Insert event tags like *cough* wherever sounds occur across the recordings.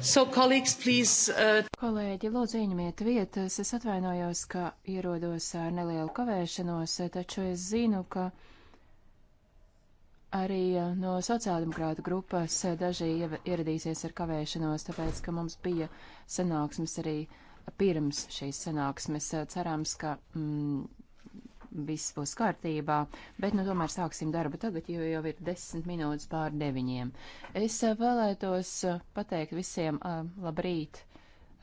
So, please, uh... Kolēģi, lūdzu, ieņemiet vietas. Es atvainojos, ka ierodos ar nelielu kavēšanos, taču es zinu, ka arī uh, no sociāldemokrāta grupas uh, daži ieradīsies ar kavēšanos, tāpēc, ka mums bija sanāksmes arī pirms šīs sanāksmes. Uh, cerams, ka mm, viss būs kārtībā, bet nu tomēr sāksim darbu tagad, jo jau ir desmit minūtes pār deviņiem. Es eh, vēlētos eh, pateikt visiem eh, labrīt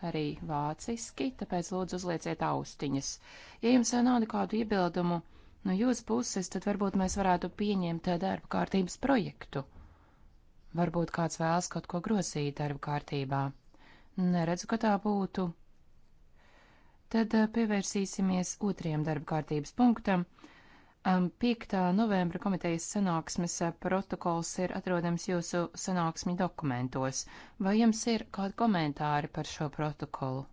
arī vāciski, tāpēc lūdzu uzlieciet austiņas. Ja jums nav nekādu iebildumu no jūsu puses, tad varbūt mēs varētu pieņemt darba kārtības projektu. Varbūt kāds vēlas kaut ko grozīt darba kārtībā. Neredzu, ka tā būtu. Tad eh, pievērsīsimies otrajam darba kārtības punktam. 5. novembra komitejas sanāksmes eh, protokols ir atrodams jūsu sanāksmi dokumentos. Vai jums ir kādi komentāri par šo protokolu?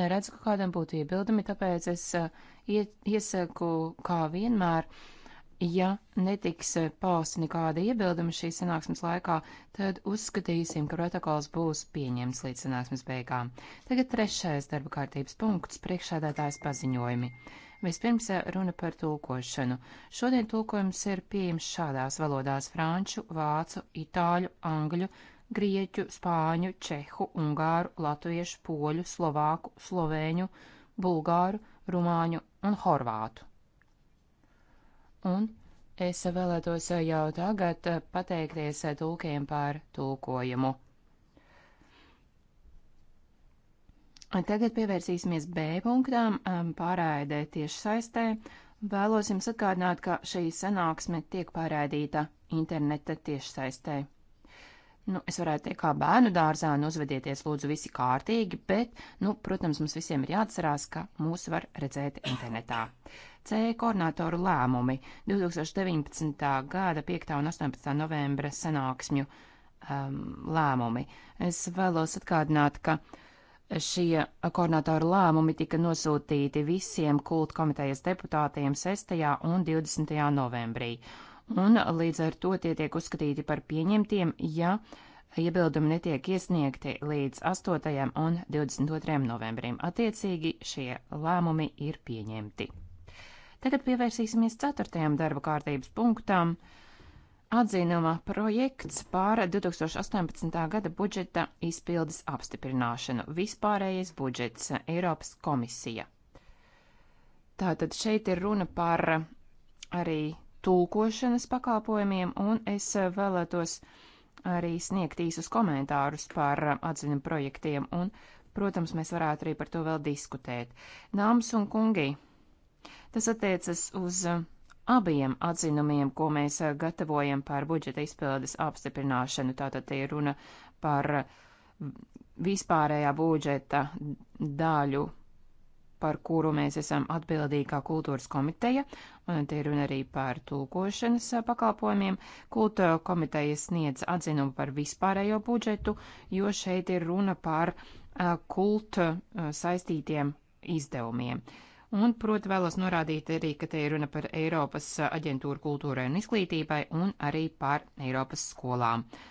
Neredzu, ka kādam būtu iebildumi, tāpēc es eh, iesaku, kā vienmēr, uh, Ja netiks eh, pausti nekāda iebilduma šīs sanāksmes laikā, tad uzskatīsim, ka protokols būs pieņemts līdz sanāksmes beigām. Tagad trešais darba kārtības punkts - priekšādātājs paziņojumi. Vispirms eh, runa par tulkošanu. Šodien tulkojums ir pieejams šādās valodās - franču, vācu, itāļu, angļu, grieķu, spāņu, čehu, ungāru, latviešu, poļu, slovāku, slovēņu, bulgāru, rumāņu un horvātu. Un es vēlētos jau tagad pateikties tulkiem par tulkojumu. Tagad pievērsīsimies B punktām um, pārraidē tieši saistē. Vēlos jums atgādināt, ka šī sanāksme tiek pārraidīta interneta tiešsaistē. saistē. Nu, es varētu teikt, kā bērnu dārzā, nu, uzvedieties lūdzu visi kārtīgi, bet, nu, protams, mums visiem ir jāatcerās, ka mūs var redzēt internetā. C koordinātoru lēmumi 2019. gada 5. un 18. novembra sanāksmju um, lēmumi. Es vēlos atgādināt, ka šie koordinātoru lēmumi tika nosūtīti visiem kult komitejas deputātiem 6. un 20. novembrī un līdz ar to tie tiek uzskatīti par pieņemtiem, ja iebildumi netiek iesniegti līdz 8. un 22. novembrim. Attiecīgi šie lēmumi ir pieņemti. Tagad pievērsīsimies 4. darba kārtības punktam. Atzinuma projekts pār 2018. gada budžeta izpildes apstiprināšanu - vispārējais budžets Eiropas komisija. Tātad šeit ir runa par arī tulkošanas pakāpojumiem, un es vēlētos arī sniegt īsus komentārus par atziņu projektiem, un, protams, mēs varētu arī par to vēl diskutēt. Nāms un kungi, tas attiecas uz abiem atzinumiem, ko mēs gatavojam par budžeta izpildes apstiprināšanu, tātad tie runa par vispārējā budžeta daļu par kuru mēs esam atbildīgā kultūras komiteja, un te ir runa arī par tulkošanas pakalpojumiem. Kultūra komiteja sniedz atzinumu par vispārējo budžetu, jo šeit ir runa par kultu saistītiem izdevumiem. Un, proti, vēlos norādīt arī, ka te ir runa par Eiropas aģentūru kultūrai un izglītībai un arī par Eiropas skolām. Uh,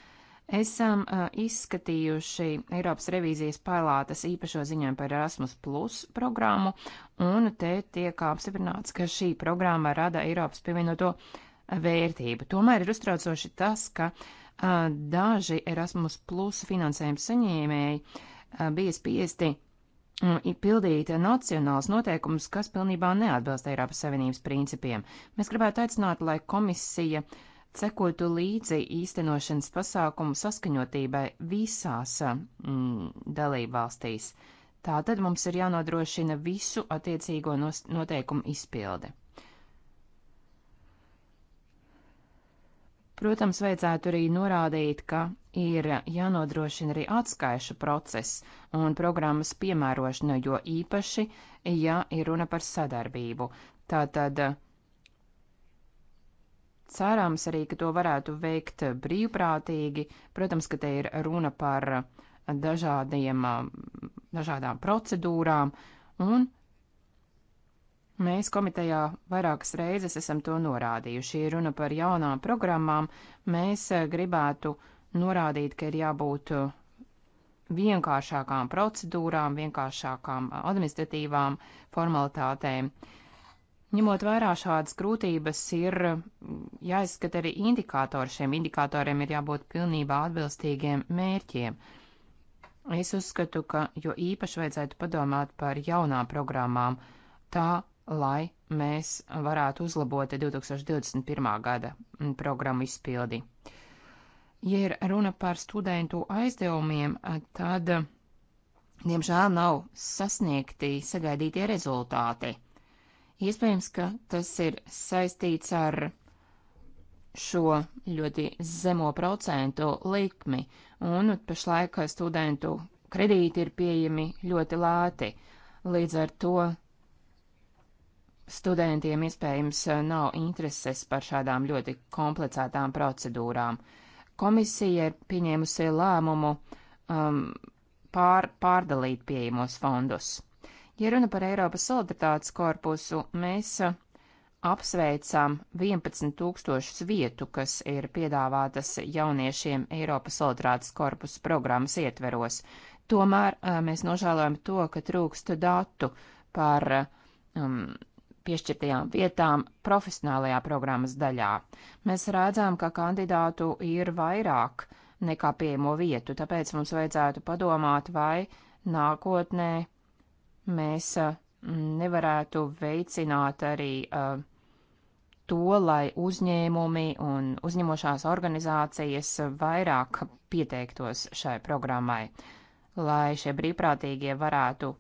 Esam uh, izskatījuši Eiropas revīzijas palātas īpašo ziņojumu par Erasmus Plus programmu, un te tiek apstiprināts, ka šī programma rada Eiropas pievienoto vērtību. Tomēr ir uztraucoši tas, ka uh, daži Erasmus Plus finansējuma saņēmēji uh, bija spiesti pildīt nacionāls noteikums, kas pilnībā neatbilst Eiropas Savienības principiem. Mēs gribētu aicināt, lai komisija uh, cekotu līdzi īstenošanas pasākumu saskaņotībai visās mm, dalībvalstīs. Tātad mums ir jānodrošina visu attiecīgo noteikumu izpildi. Protams, vajadzētu arī norādīt, ka ir jānodrošina arī atskaišu process un programmas piemērošana, jo īpaši, ja ir runa par sadarbību. Tātad cerams arī, ka to varētu veikt brīvprātīgi. Protams, ka te ir runa par dažādiem, dažādām procedūrām, un mēs komitejā vairākas reizes esam to norādījuši. Ir runa par jaunām programmām, mēs gribētu norādīt, ka ir jābūt vienkāršākām procedūrām, vienkāršākām administratīvām formalitātēm. Uh, Ņemot vērā šādas grūtības, ir mm, jāizskata arī indikātori. Šiem indikatoriem ir jābūt pilnībā atbilstīgiem mērķiem. Es uzskatu, ka jo īpaši vajadzētu padomāt par jaunām programmām, tā, lai mēs varētu uzlabot 2021. gada mm, programmu izpildi. Ja ir runa par studentu aizdevumiem, tad, diemžēl, nav sasniegti sagaidītie rezultāti. Iespējams, ka tas ir saistīts ar šo ļoti zemo procentu likmi, un pašlaik studentu kredīti ir pieejami ļoti lēti. Līdz ar to studentiem iespējams eh, nav intereses par šādām ļoti komplicētām procedūrām. Komisija ir pieņēmusi lēmumu um, pār, pārdalīt pieejamos fondus. Ja runa par Eiropas solidaritātes korpusu, mēs apsveicām 11 tūkstošus vietu, kas ir piedāvātas jauniešiem Eiropas solidaritātes korpusu programmas ietveros. Tomēr mēs nožēlojam to, ka trūkst datu par um, piešķirtajām vietām profesionālajā programmas daļā. Mēs redzam, ka kandidātu ir vairāk nekā pieejamo vietu, tāpēc mums vajadzētu padomāt, vai nākotnē mēs nevarētu veicināt arī to, lai uzņēmumi un uzņemošās organizācijas vairāk pieteiktos šai programmai, lai šie brīvprātīgie varētu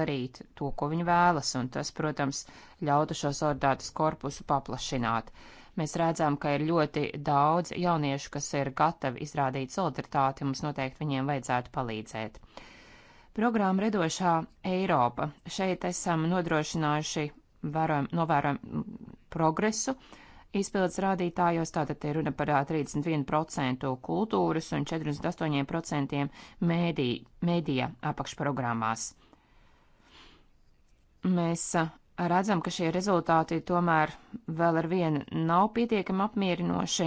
darīt to, ko viņi vēlas, un tas, protams, ļautu šo solidaritātes korpusu paplašināt. Mēs redzam, ka ir ļoti daudz jauniešu, kas ir gatavi izrādīt solidaritāti, mums noteikti viņiem vajadzētu palīdzēt. Programma Redošā Eiropa. Šeit esam nodrošinājuši vērojam, novērojam progresu. Izpildes rādītājos tātad ir runa par 31% kultūras un 48% mēdī, mēdīja apakšprogrammās. Mēs redzam, ka šie rezultāti tomēr vēl ar vienu nav pietiekami apmierinoši,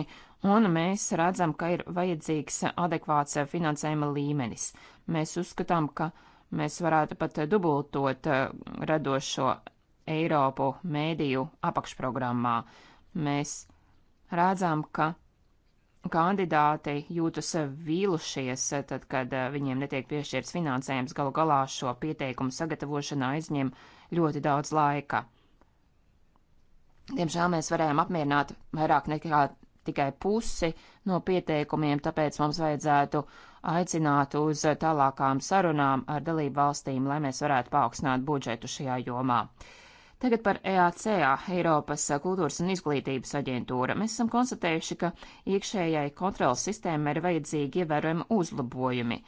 un mēs redzam, ka ir vajadzīgs adekvāts finansējuma līmenis. Mēs uzskatām, ka mēs varētu pat dubultot eh, radošo Eiropu mēdīju apakšprogrammā. Mēs redzam, ka kandidāti jūtas vīlušies, eh, tad, kad eh, viņiem netiek piešķirts finansējums, galu galā šo pieteikumu sagatavošanā aizņem ļoti daudz laika. Diemžēl mēs varējām apmierināt vairāk nekā tikai pusi no pieteikumiem, tāpēc mums vajadzētu aicināt uz tālākām sarunām ar dalību valstīm, lai mēs varētu paaugstināt budžetu šajā jomā. Tagad par EACA, Eiropas kultūras un izglītības aģentūra. Mēs esam konstatējuši, ka iekšējai kontrolas sistēmai ir vajadzīgi ievērojami uzlabojumi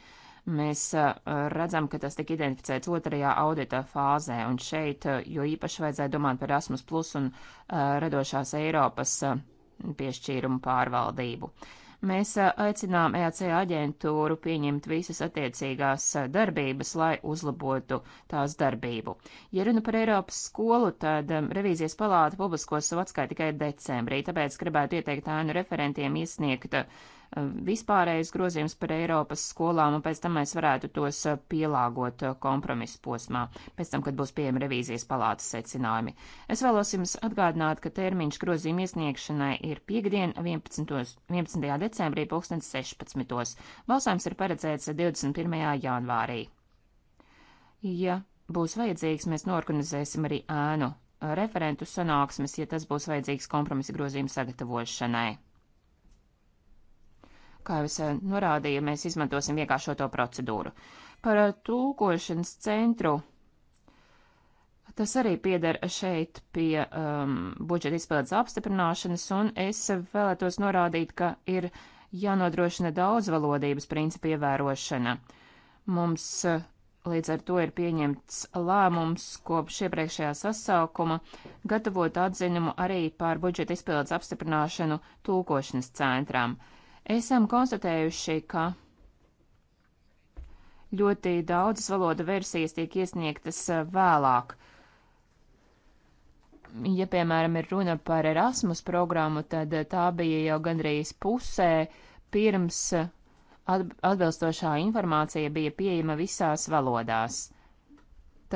mēs uh, redzam, ka tas tika identificēts otrajā audita fāzē, un šeit uh, jo īpaši vajadzēja domāt par Erasmus Plus un uh, radošās Eiropas uh, piešķīrumu pārvaldību. Mēs aicinām EAC aģentūru pieņemt visas attiecīgās darbības, lai uzlabotu tās darbību. Ja runa par Eiropas skolu, tad revīzijas palāta publiskos savu atskaiti tikai decembrī, tāpēc gribētu ieteikt ēnu referentiem iesniegt Eh, vispārējais grozījums par Eiropas skolām, un pēc tam mēs varētu tos eh, pielāgot eh, kompromisu posmā, pēc tam, kad būs pieejami revīzijas palātas secinājumi. Es vēlos jums atgādināt, ka termiņš grozījuma iesniegšanai ir piekdien 11. 11. decembrī 2016. Balsājums ir paredzēts 21. janvārī. Ja būs vajadzīgs, mēs norganizēsim arī ēnu referentu sanāksmes, ja tas būs vajadzīgs kompromisa grozījuma sagatavošanai. Kā jau es eh, norādīju, mēs izmantosim vienkāršoto procedūru. Par eh, tulkošanas centru. Tas arī pieder šeit pie um, budžeta izpildes apstiprināšanas, un es vēlētos norādīt, ka ir jānodrošina daudzvalodības principu ievērošana. Mums eh, Līdz ar to ir pieņemts lēmums kopš iepriekšējā sasaukuma gatavot atzinumu arī par budžeta izpildes apstiprināšanu tulkošanas centrām. Esam konstatējuši, ka ļoti daudzas valoda versijas tiek iesniegtas eh, vēlāk. Ja, piemēram, ir runa par Erasmus programmu, tad eh, tā bija jau gandrīz pusē pirms eh, atbilstošā informācija bija pieejama visās valodās.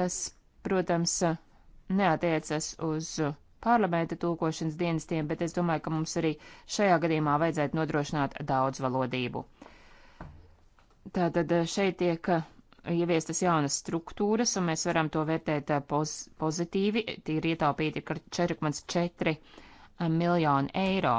Tas, protams, neatiecas uz parlamenta tulkošanas dienestiem, bet es domāju, ka mums arī šajā gadījumā vajadzētu nodrošināt daudzvalodību. Tātad eh, šeit tiek eh, ieviestas jaunas struktūras, un mēs varam to vērtēt eh, poz pozitīvi. Tie ir ietaupīti 4,4 miljoni eiro.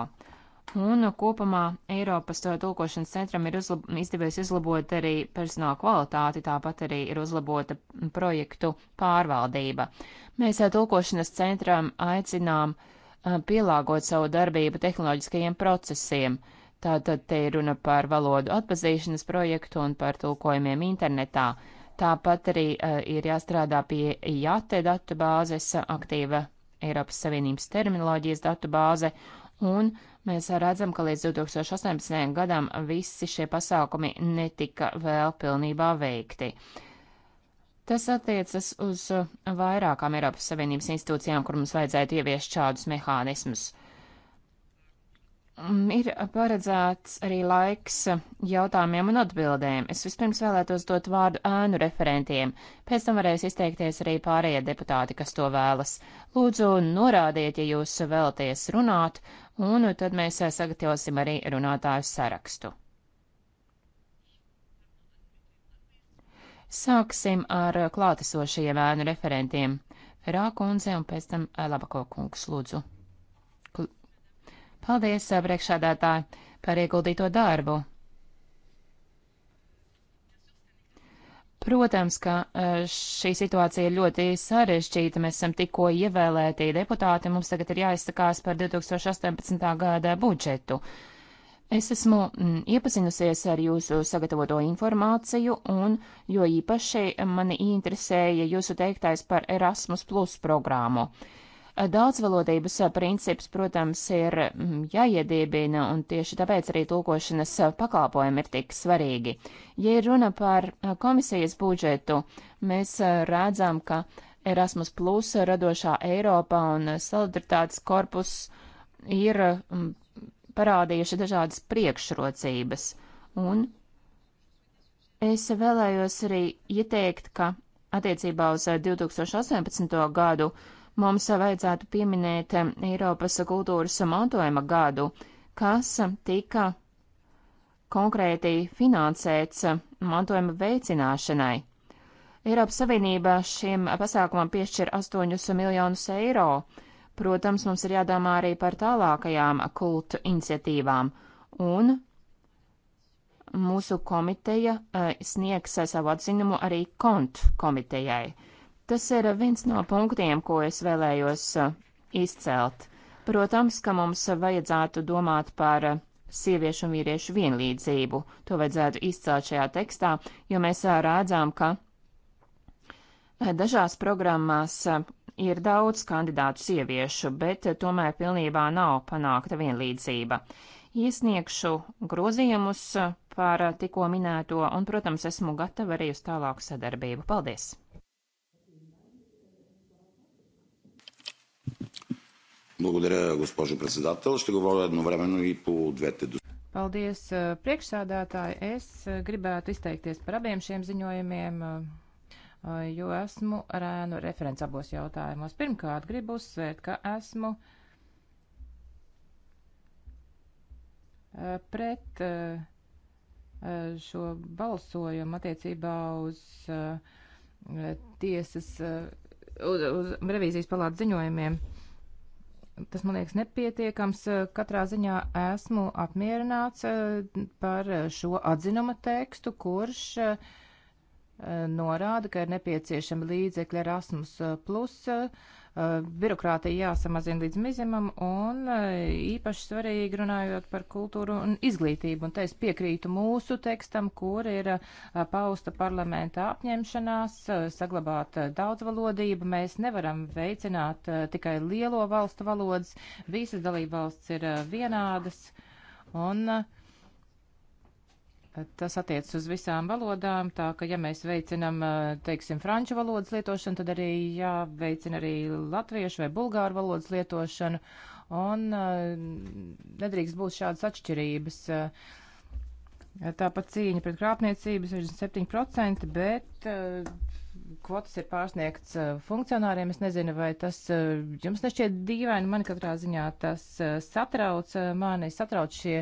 Un kopumā Eiropas uh, tulkošanas centram ir uzlab izdevies uzlabot arī personāla kvalitāti, tāpat arī ir uzlabota projektu pārvaldība. Mēs uh, tulkošanas centram aicinām uh, pielāgot savu darbību tehnoloģiskajiem procesiem. Tātad te ir runa par valodu atpazīšanas projektu un par tulkojumiem internetā. Tāpat arī uh, ir jāstrādā pie JATE datu bāzes, aktīva Eiropas Savienības terminoloģijas datu bāze, un mēs redzam, ka līdz 2018. gadam visi šie pasākumi netika vēl pilnībā veikti. Tas attiecas uz vairākām Eiropas Savienības institūcijām, kur mums vajadzētu ieviest šādus mehānismus. Uh, Mm, ir paredzēts arī laiks jautājumiem un atbildēm. Es vispirms vēlētos dot vārdu ēnu referentiem, pēc tam varēs izteikties arī pārējie deputāti, kas to vēlas. Lūdzu, norādiet, ja jūs vēlaties runāt, un tad mēs sagatavosim arī runātāju sarakstu. Sāksim ar klātesošajiem ēnu referentiem. Ferā kundze un pēc tam eh, Labako kungs, lūdzu. Paldies, eh, priekšādātāji, par ieguldīto darbu. Protams, ka eh, šī situācija ir ļoti sarežģīta. Mēs esam tikko ievēlēti deputāti, mums tagad ir jāizsakās par 2018. gada budžetu. Es esmu mm, iepazinusies ar jūsu sagatavoto informāciju, un jo īpaši mani interesēja jūsu teiktais par Erasmus Plus programmu. Uh, Eh, daudzvalodības eh, princips, protams, ir mm, jāiedibina, un tieši tāpēc arī tulkošanas eh, pakalpojumi ir tik svarīgi. Ja ir runa par komisijas budžetu, mēs redzam, ka Erasmus Plus, Radošā Eiropa un Solidaritātes korpus ir mm, parādījuši dažādas priekšrocības. Un es vēlējos arī ieteikt, ka attiecībā uz 2018. gadu mums vajadzētu pieminēt eh, Eiropas kultūras mantojuma gadu, kas tika konkrēti finansēts mantojuma veicināšanai. Eiropas Savienība šim pasākumam piešķir 8 miljonus eiro. Protams, mums ir jādomā arī par tālākajām kultu iniciatīvām, un mūsu komiteja eh, sniegs savu atzinumu arī kontu komitejai. Tas ir viens no punktiem, ko es vēlējos uh, izcelt. Protams, ka mums vajadzētu domāt par uh, sieviešu un vīriešu vienlīdzību. To vajadzētu izcelt šajā tekstā, jo mēs uh, rādzām, ka dažās programmās ir daudz kandidātu sieviešu, bet tomēr pilnībā nav panākta vienlīdzība. Iesniegšu grozījumus par tikko minēto, un, protams, esmu gatava arī uz tālāku sadarbību. Paldies! Благодаря, госпожо председател. Ще говоря едновременно и по двете Paldies, priekšsādātāji. Es gribētu izteikties par abiem šiem ziņojumiem, jo esmu ar ēnu referents abos jautājumos. Pirmkārt, gribu uzsvērt, ka esmu pret šo balsojumu attiecībā uz tiesas, uz, uz revīzijas palātu ziņojumiem tas man liekas nepietiekams. Eh, katrā ziņā esmu apmierināts eh, par šo atzinuma tekstu, kurš eh, norāda, ka ir nepieciešami līdzekļi Erasmus plus Eh, birokrātija jāsamazina līdz mizimam un eh, īpaši svarīgi runājot par kultūru un izglītību. Un te es piekrītu mūsu tekstam, kur ir eh, pausta parlamenta apņemšanās saglabāt daudzvalodību. Mēs nevaram veicināt tikai lielo valstu valodas. Visas dalībvalsts ir vienādas. Un uh, Tas attiecas uz visām valodām, tā ka, ja mēs veicinam, teiksim, franču valodas lietošanu, tad arī jāveicina arī latviešu vai bulgāru valodas lietošanu, un nedrīkst būt šādas atšķirības. Tāpat cīņa pret krāpniecību 67%, bet kvotas ir pārsniegts eh, funkcionāriem. Es nezinu, vai tas eh, jums nešķiet dīvaini. Man katrā ziņā tas eh, satrauc mani, satrauc šie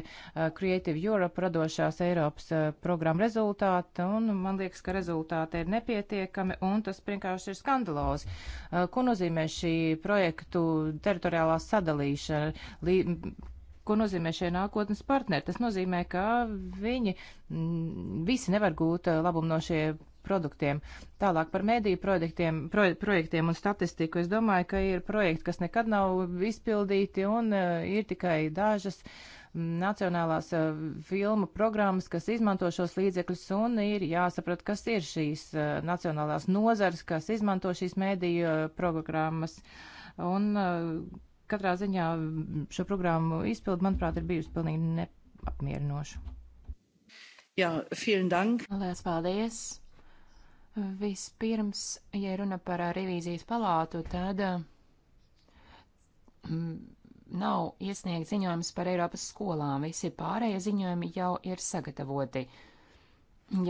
Creative Europe radošās Eiropas programma rezultāti, un man liekas, ka rezultāti ir nepietiekami, un tas vienkārši ir skandalozi. Ko nozīmē šī projektu teritoriālā sadalīšana? Lī ko nozīmē šie nākotnes partneri. Tas nozīmē, ka viņi visi nevar gūt labumu no šie produktiem. Tālāk par mēdīju projektiem, pro, projektiem un statistiku. Es domāju, ka ir projekti, kas nekad nav izpildīti un uh, ir tikai dažas mm, nacionālās uh, filmu programmas, kas izmanto šos līdzekļus, un ir jāsaprot, kas ir šīs uh, nacionālās nozars, kas izmanto šīs mēdīju uh, programmas. Un katrā ziņā šo programmu izpildu, manuprāt, ir bijusi pilnīgi neapmierinoša. Jā, vielen dank. Lielas paldies. Vispirms, ja runa par revīzijas palātu, tad mm, nav iesniegts ziņojums par Eiropas skolām. Visi pārējie ziņojumi jau ir sagatavoti.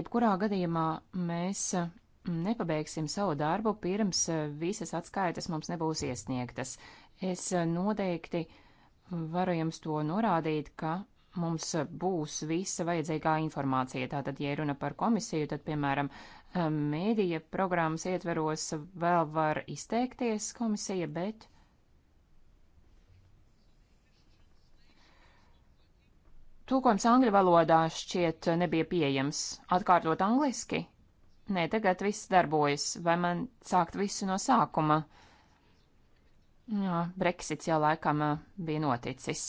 Jebkurā gadījumā mēs mm, nepabeigsim savu darbu, pirms eh, visas atskaitas mums nebūs iesniegtas. Es eh, noteikti varu jums to norādīt, ka mums būs visa vajadzīgā informācija. Tātad, ja runa par komisiju, tad, piemēram, um, mēdīja programmas ietveros vēl var izteikties komisija, bet. Tūkojums angļu valodā šķiet nebija pieejams. Atkārtot angliski? Nē, tagad viss darbojas. Vai man sākt visu no sākuma? Jā, Brexits jau laikam uh, bija noticis.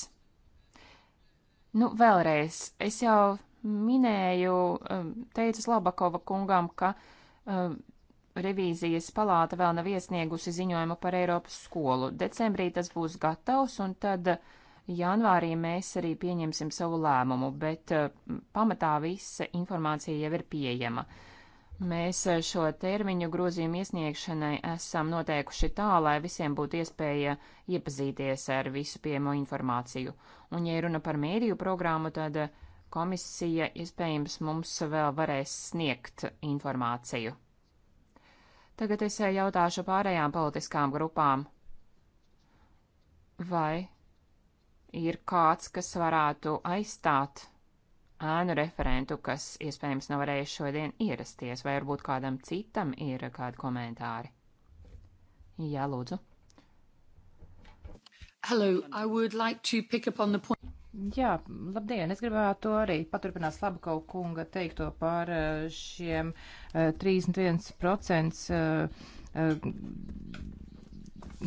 Nu, vēlreiz, es jau minēju, um, teicu Slabakova kungam, ka um, revīzijas palāta vēl nav iesniegusi ziņojumu par Eiropas skolu. Decembrī tas būs gatavs, un tad janvārī mēs arī pieņemsim savu lēmumu, bet uh, pamatā visa informācija jau ir pieejama. Uh, Mēs eh, šo termiņu grozījumu iesniegšanai esam noteikuši tā, lai visiem būtu iespēja iepazīties ar visu pieejamo informāciju. Un, ja runa par mēdīju programmu, tad eh, komisija iespējams mums vēl varēs sniegt informāciju. Tagad es eh, jautāšu pārējām politiskām grupām. Vai ir kāds, kas varētu aizstāt ēnu referentu, kas iespējams nav varējis šodien ierasties, vai varbūt kādam citam ir kādi komentāri. Jā, lūdzu. Hello, I would like to pick up on the point. Jā, labdien! Es gribētu arī paturpināt Slabakau kunga teikto par eh, šiem 31% eh,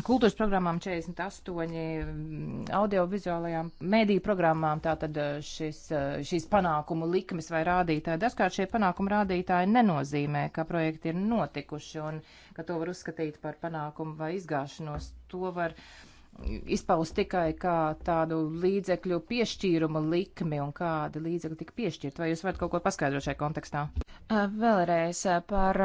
kultūras programmām 48, mm, audiovizuālajām mediju programmām, tātad eh, šis, eh, šīs panākumu likmes vai rādītāji. Dažkārt šie panākumu rādītāji nenozīmē, ka projekti ir notikuši un ka to var uzskatīt par panākumu vai izgāšanos. To var uh, izpaust tikai kā tādu līdzekļu piešķīruma likmi un kādi līdzekļi tika piešķirt. Vai jūs varat kaut ko paskaidrot šajā kontekstā? Vēlreiz par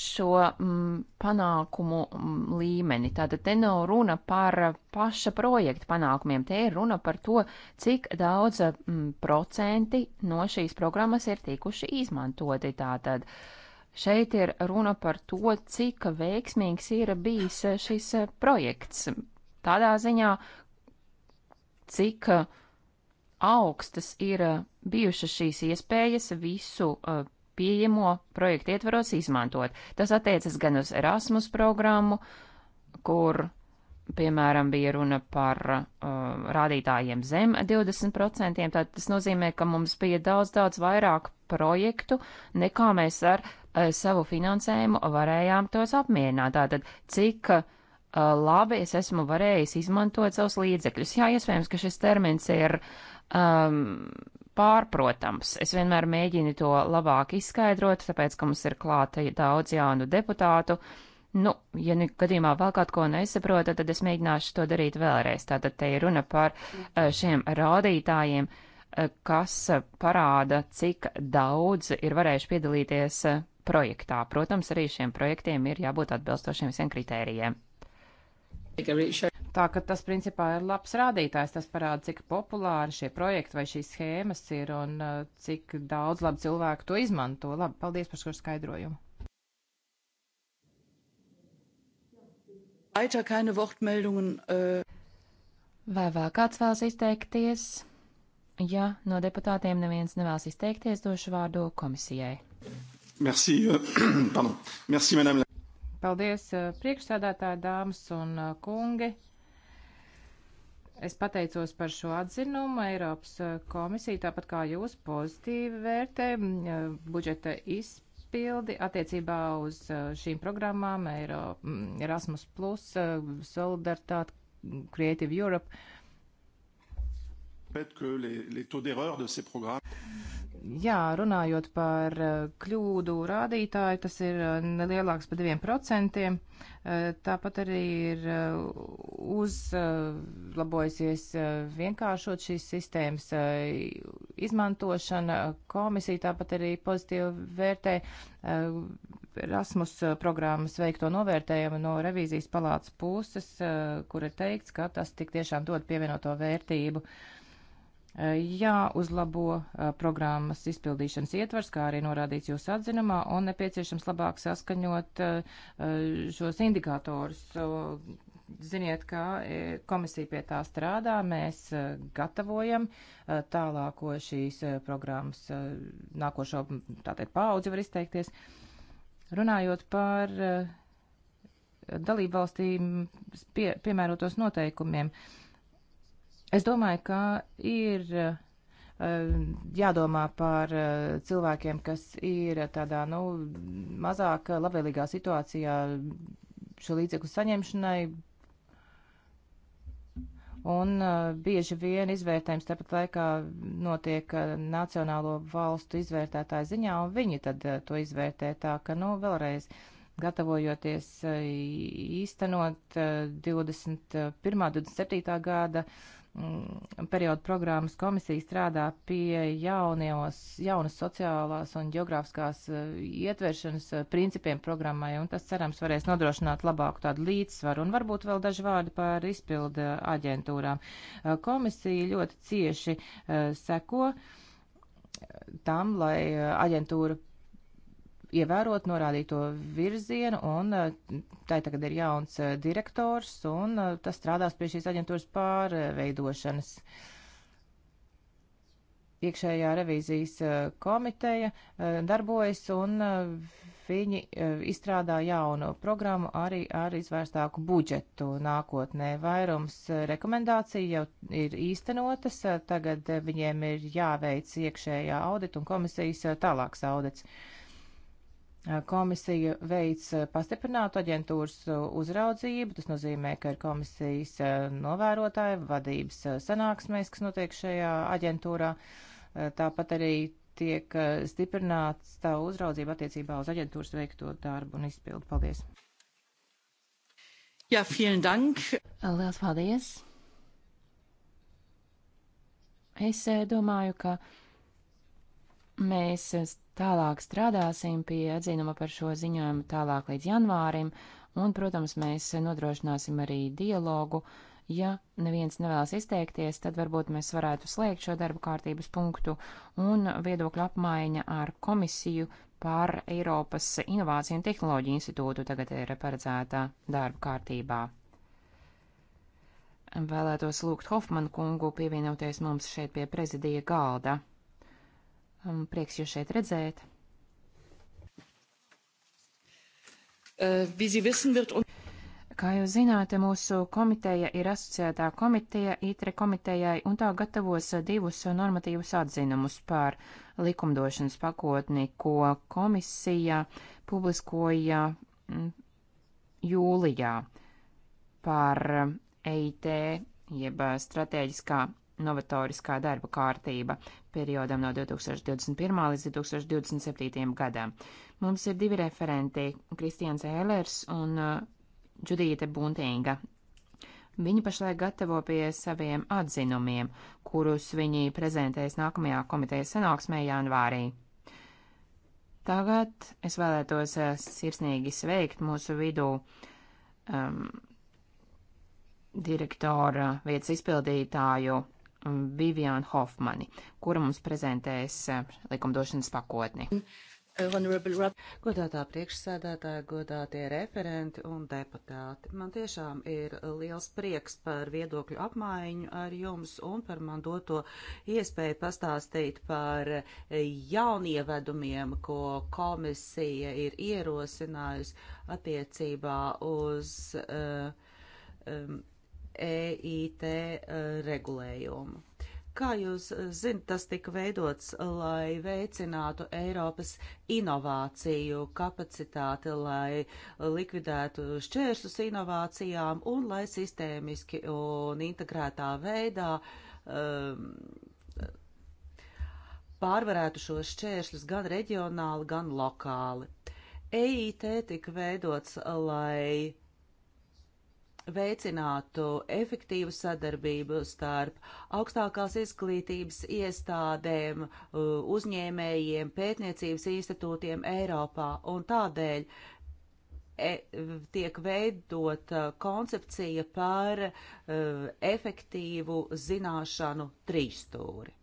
šo mm, panākumu mm, līmeni. Tātad te nav runa par paša projekta panākumiem, te ir runa par to, cik daudz mm, procenti no šīs programmas ir tikuši izmantoti. Tātad. Šeit ir runa par to, cik veiksmīgs ir bijis šis projekts tādā ziņā, cik uh, augstas ir uh, bijušas šīs iespējas visu uh, pieejamo projektu ietvaros izmantot. Tas attiecas gan uz Erasmus programmu, kur, piemēram, bija runa par uh, rādītājiem zem 20%, tad tas nozīmē, ka mums bija daudz, daudz vairāk projektu, nekā mēs ar uh, savu finansējumu varējām tos apmierināt. Tātad, cik uh, labi es esmu varējis izmantot savus līdzekļus. Jā, iespējams, ka šis termins ir um, pārprotams. Es vienmēr mēģinu to labāk izskaidrot, tāpēc, ka mums ir klāta daudz jaunu deputātu. Nu, ja nu gadījumā vēl kaut ko nesaprotat, tad es mēģināšu to darīt vēlreiz. Tātad te ir runa par šiem rādītājiem, kas parāda, cik daudz ir varējuši piedalīties projektā. Protams, arī šiem projektiem ir jābūt atbilstošiem visiem kritērijiem. Tā ka tas principā ir labs rādītājs. Tas parāda, cik populāri šie projekti vai šīs schēmas ir un uh, cik daudz labu cilvēku to izmanto. Labi, paldies par šo skaidrojumu. Äh. Vai vēl kāds vēlas izteikties? Ja no deputātiem neviens nevēlas izteikties, došu vārdu komisijai. Merci, euh, *clears throat* pardon. Merci, madame. Paldies, eh, priekšsēdētāji, dāmas un eh, kungi. Es pateicos par šo atzinumu. Eiropas eh, komisija, tāpat kā jūs, pozitīvi vērtē mm, budžeta izpildi attiecībā uz šīm programmām Eiro, mm, Erasmus, Solidaritāte, Creative Europe. Peut-être que les, les taux d'erreur de ces programmes. Jā, runājot par eh, kļūdu rādītāju, tas ir eh, nelielāks par diviem procentiem. Eh, tāpat arī ir uzlabojusies vienkāršot šīs sistēmas izmantošana. Komisija tāpat arī pozitīvi vērtē Rasmus programmas veikto novērtējumu no revīzijas palātas puses, kur ir teikts, ka tas tik tiešām dod pievienoto vērtību. Uh, jāuzlabo programmas izpildīšanas ietvars, kā arī norādīts jūsu atzinumā, un nepieciešams labāk saskaņot šos indikātorus. Ziniet, kā komisija pie tā strādā, mēs gatavojam tālāko šīs programmas, nākošo, tātad paudzi var izteikties. Runājot par dalību valstīm pie, piemērotos noteikumiem, uh, Es domāju, ka ir eh, jādomā par eh, cilvēkiem, kas ir tādā, nu, mazāk labvēlīgā situācijā šo līdzekļu saņemšanai. Un eh, bieži vien izvērtējums tepat laikā notiek Nacionālo valstu izvērtētāju ziņā, un viņi tad to izvērtē tā, ka, nu, vēlreiz gatavojoties īstenot 21. 27. gada uh, Mm, periodu programmas komisija strādā pie jaunios, jaunas sociālās un geogrāfiskās eh, ietveršanas eh, principiem programmai, un tas cerams varēs nodrošināt labāku tādu līdzsvaru. Un varbūt vēl daži vārdi par izpildu aģentūrām. Eh, komisija ļoti cieši seko tam, lai aģentūra ievērot norādīto virzienu, un eh, tā tagad ir jauns eh, direktors, un eh, tas strādās pie šīs aģentūras pārveidošanas. Iekšējā revīzijas komiteja darbojas, un viņi izstrādā jaunu programmu arī ar izvērstāku budžetu nākotnē. Vairums rekomendāciju jau ir īstenotas, tagad viņiem ir jāveic iekšējā audita un komisijas tālāks audits. Uh, Komisija veic eh, pastiprinātu aģentūras eh, uzraudzību, tas nozīmē, ka ir komisijas eh, novērotāji vadības sanāksmēs, kas notiek šajā aģentūrā. Tāpat arī tiek stiprināts tā uzraudzība attiecībā uz aģentūras veikto darbu un izpildu. Paldies! Jā, ja, vielen dank! Liels paldies! Es domāju, ka mēs Tālāk strādāsim pie atzinuma par šo ziņojumu tālāk līdz janvārim, un, protams, mēs nodrošināsim arī dialogu. Ja neviens nevēlas izteikties, tad varbūt mēs varētu slēgt šo darbu kārtības punktu un viedokļu apmaiņa ar komisiju par Eiropas Inovāciju un Tehnoloģiju institūtu tagad ir paredzēta darba kārtībā. Vēlētos lūgt Hofmanu kungu pievienoties mums šeit pie prezidija galda. Prieks jūs šeit redzēt. Kā jūs zināt, mūsu komiteja ir asociētā komiteja ITRE komitejai un tā gatavos divus normatīvus atzinumus par likumdošanas pakotni, ko komisija publiskoja mm, jūlijā par mm, EIT jeb strateģiskā novatoriskā darba kārtība periodam no 2021. līdz 2027. gadam. Mums ir divi referenti - Kristians Ēlers un uh, Džudīte Buntinga. Viņi pašlaik gatavo pie saviem atzinumiem, kurus viņi prezentēs nākamajā komitejas sanāksmē janvārī. Tagad es vēlētos uh, sirsnīgi sveikt mūsu vidū um, direktora vietas izpildītāju Um, Vivian Hofmani, kura mums prezentēs uh, likumdošanas pakotni. Godātā priekšsēdētāja, godātie referenti un deputāti, man tiešām ir liels prieks par viedokļu apmaiņu ar jums un par man doto iespēju pastāstīt par jaunievedumiem, ko komisija ir ierosinājusi attiecībā uz. Uh, um, EIT e, regulējumu. Kā jūs e, zinat, tas tika veidots, lai veicinātu Eiropas inovāciju kapacitāti, lai likvidētu šķērsus inovācijām un lai sistēmiski un integrētā veidā um, pārvarētu šos šķēršļus gan reģionāli, gan lokāli. EIT tika veidots, lai veicinātu efektīvu sadarbību starp augstākās izglītības iestādēm, uh, uzņēmējiem, pētniecības institūtiem Eiropā un tādēļ e tiek veidota uh, koncepcija par e efektīvu zināšanu trīsstūri.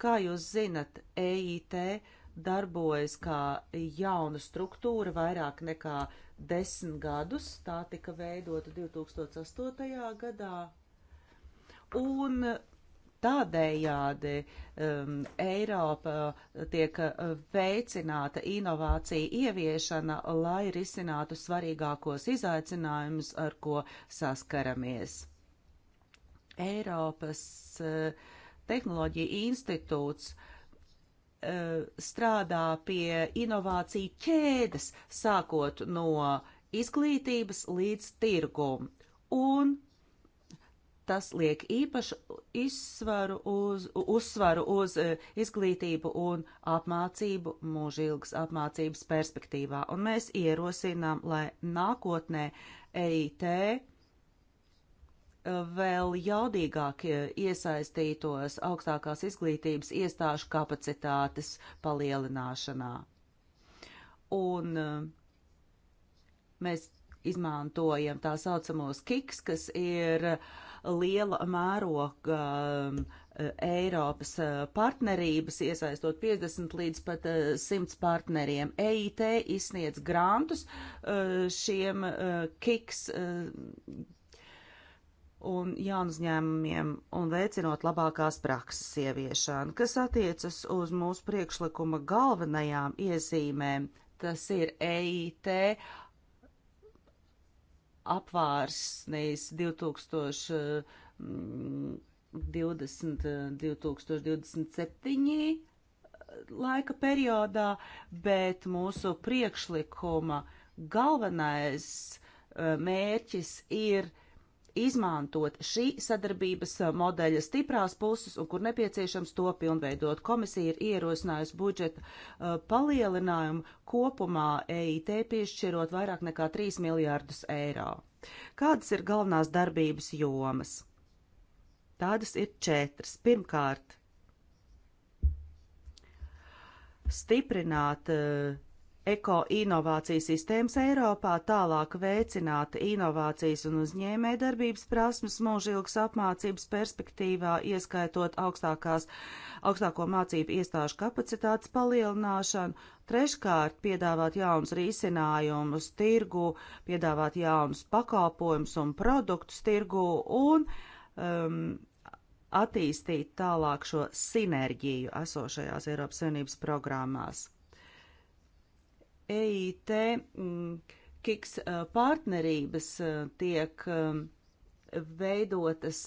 Kā jūs zinat, EIT darbojas kā jauna struktūra vairāk nekā desmit gadus. Tā tika veidota 2008. gadā. Un tādējādi um, Eiropa tiek uh, veicināta inovācija ieviešana, lai risinātu svarīgākos izaicinājumus, ar ko saskaramies. Eiropas uh, Tehnoloģija institūts uh, Eh, strādā pie inovāciju ķēdes, sākot no izglītības līdz tirgumu. Un tas liek īpašu izsvaru uz, uzsvaru uz eh, izglītību un apmācību mūžilgas apmācības perspektīvā. Un mēs ierosinām, lai nākotnē EIT vēl jaudīgāk iesaistītos augstākās izglītības iestāžu kapacitātes palielināšanā. Un mēs izmantojam tā saucamos kiks, kas ir liela mēroga um, Eiropas uh, partnerības, iesaistot 50 līdz pat 100 uh, partneriem. EIT izsniedz grantus uh, šiem kiks un jaunu uzņēmumiem un veicinot labākās prakses ieviešanu, kas attiecas uz mūsu priekšlikuma galvenajām iezīmēm. Tas ir EIT apvārsnīs 2020, 2027 mm, eh, laika periodā, bet mūsu priekšlikuma galvenais eh, mērķis ir uh, izmantot šī sadarbības uh, modeļa stiprās puses un, kur nepieciešams, to pilnveidot. Komisija ir ierosinājusi budžeta uh, palielinājumu kopumā EIT piešķirot vairāk nekā 3 miljārdus eiro. Kādas ir galvenās darbības jomas? Tādas ir četras. Pirmkārt, stiprināt uh, ekoinovāciju sistēmas Eiropā, tālāk veicināt inovācijas un uzņēmējdarbības prasmes mūžilgas apmācības perspektīvā, ieskaitot augstākās, augstāko mācību iestāžu kapacitātes palielināšanu, treškārt piedāvāt jaunus risinājumus tirgu, piedāvāt jaunus pakalpojumus un produktus tirgu un um, attīstīt tālāk šo sinerģiju esošajās Eiropas Savienības programmās. EIT mm, kiks partnerības tiek veidotas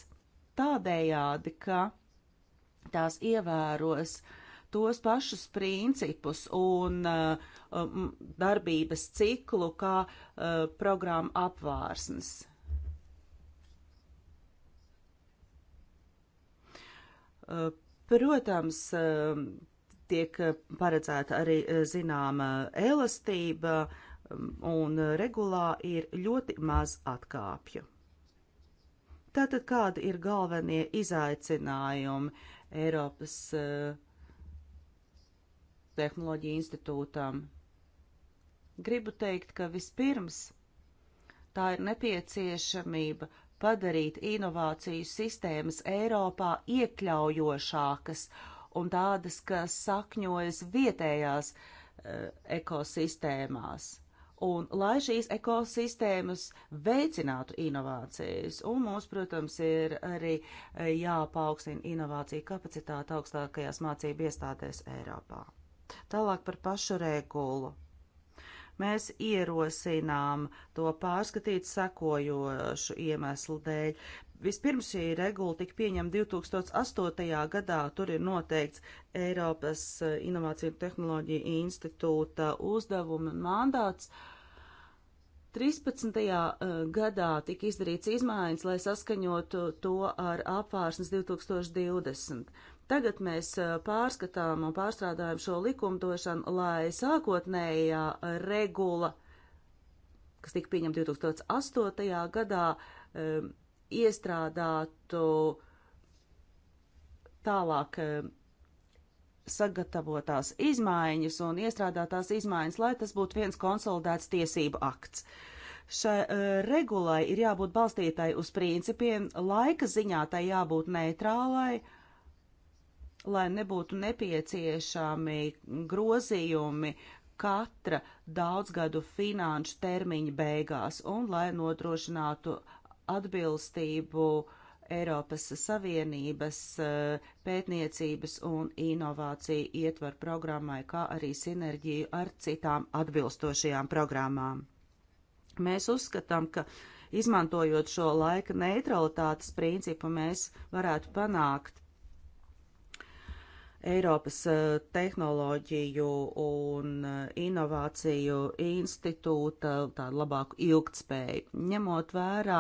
tādējādi, ka tās ievēros tos pašus principus un darbības ciklu kā programma apvārsnes. Protams, tiek eh, paredzēta arī eh, zināma eh, elastība, mm, un regulā ir ļoti maz atkāpju. Tātad kādi ir galvenie izaicinājumi Eiropas tehnoloģija institūtam? Gribu teikt, ka vispirms tā ir nepieciešamība padarīt inovāciju sistēmas Eiropā iekļaujošākas uh, un tādas, kas sakņojas vietējās eh, ekosistēmās. Un, lai šīs ekosistēmas veicinātu inovācijas, un mums, protams, ir arī eh, jāpaukstina inovāciju kapacitāte augstākajās mācību iestādēs Eiropā. Tālāk par pašu regulu. Mēs ierosinām to pārskatīt sekojošu iemeslu dēļ. Vispirms šī regula tika pieņemta 2008. gadā, tur ir noteikts Eiropas eh, Inovāciju tehnoloģiju institūta uzdevumi un mandāts. 13. Eh, gadā tika izdarīts izmaiņas, lai saskaņotu to ar apvārsnes 2020. Tagad mēs eh, pārskatām un pārstrādājam šo likumdošanu, lai sākotnējā regula, kas tika pieņemta 2008. gadā, iestrādātu tālāk eh, sagatavotās izmaiņas un iestrādātās izmaiņas, lai tas būtu viens konsolidēts tiesību akts. Šai uh, regulai ir jābūt balstītai uz principiem, laika ziņā tai jābūt neitrālai, lai nebūtu nepieciešami grozījumi katra daudzgadu finanšu termiņa beigās un lai nodrošinātu atbilstību Eiropas Savienības eh, pētniecības un inovāciju ietvar programmai, kā arī sinerģiju ar citām atbilstošajām programmām. Mēs uzskatām, ka izmantojot šo laika neutralitātes principu, mēs varētu panākt Eiropas eh, tehnoloģiju un eh, inovāciju institūta tādu labāku ilgtspēju. Ņemot vērā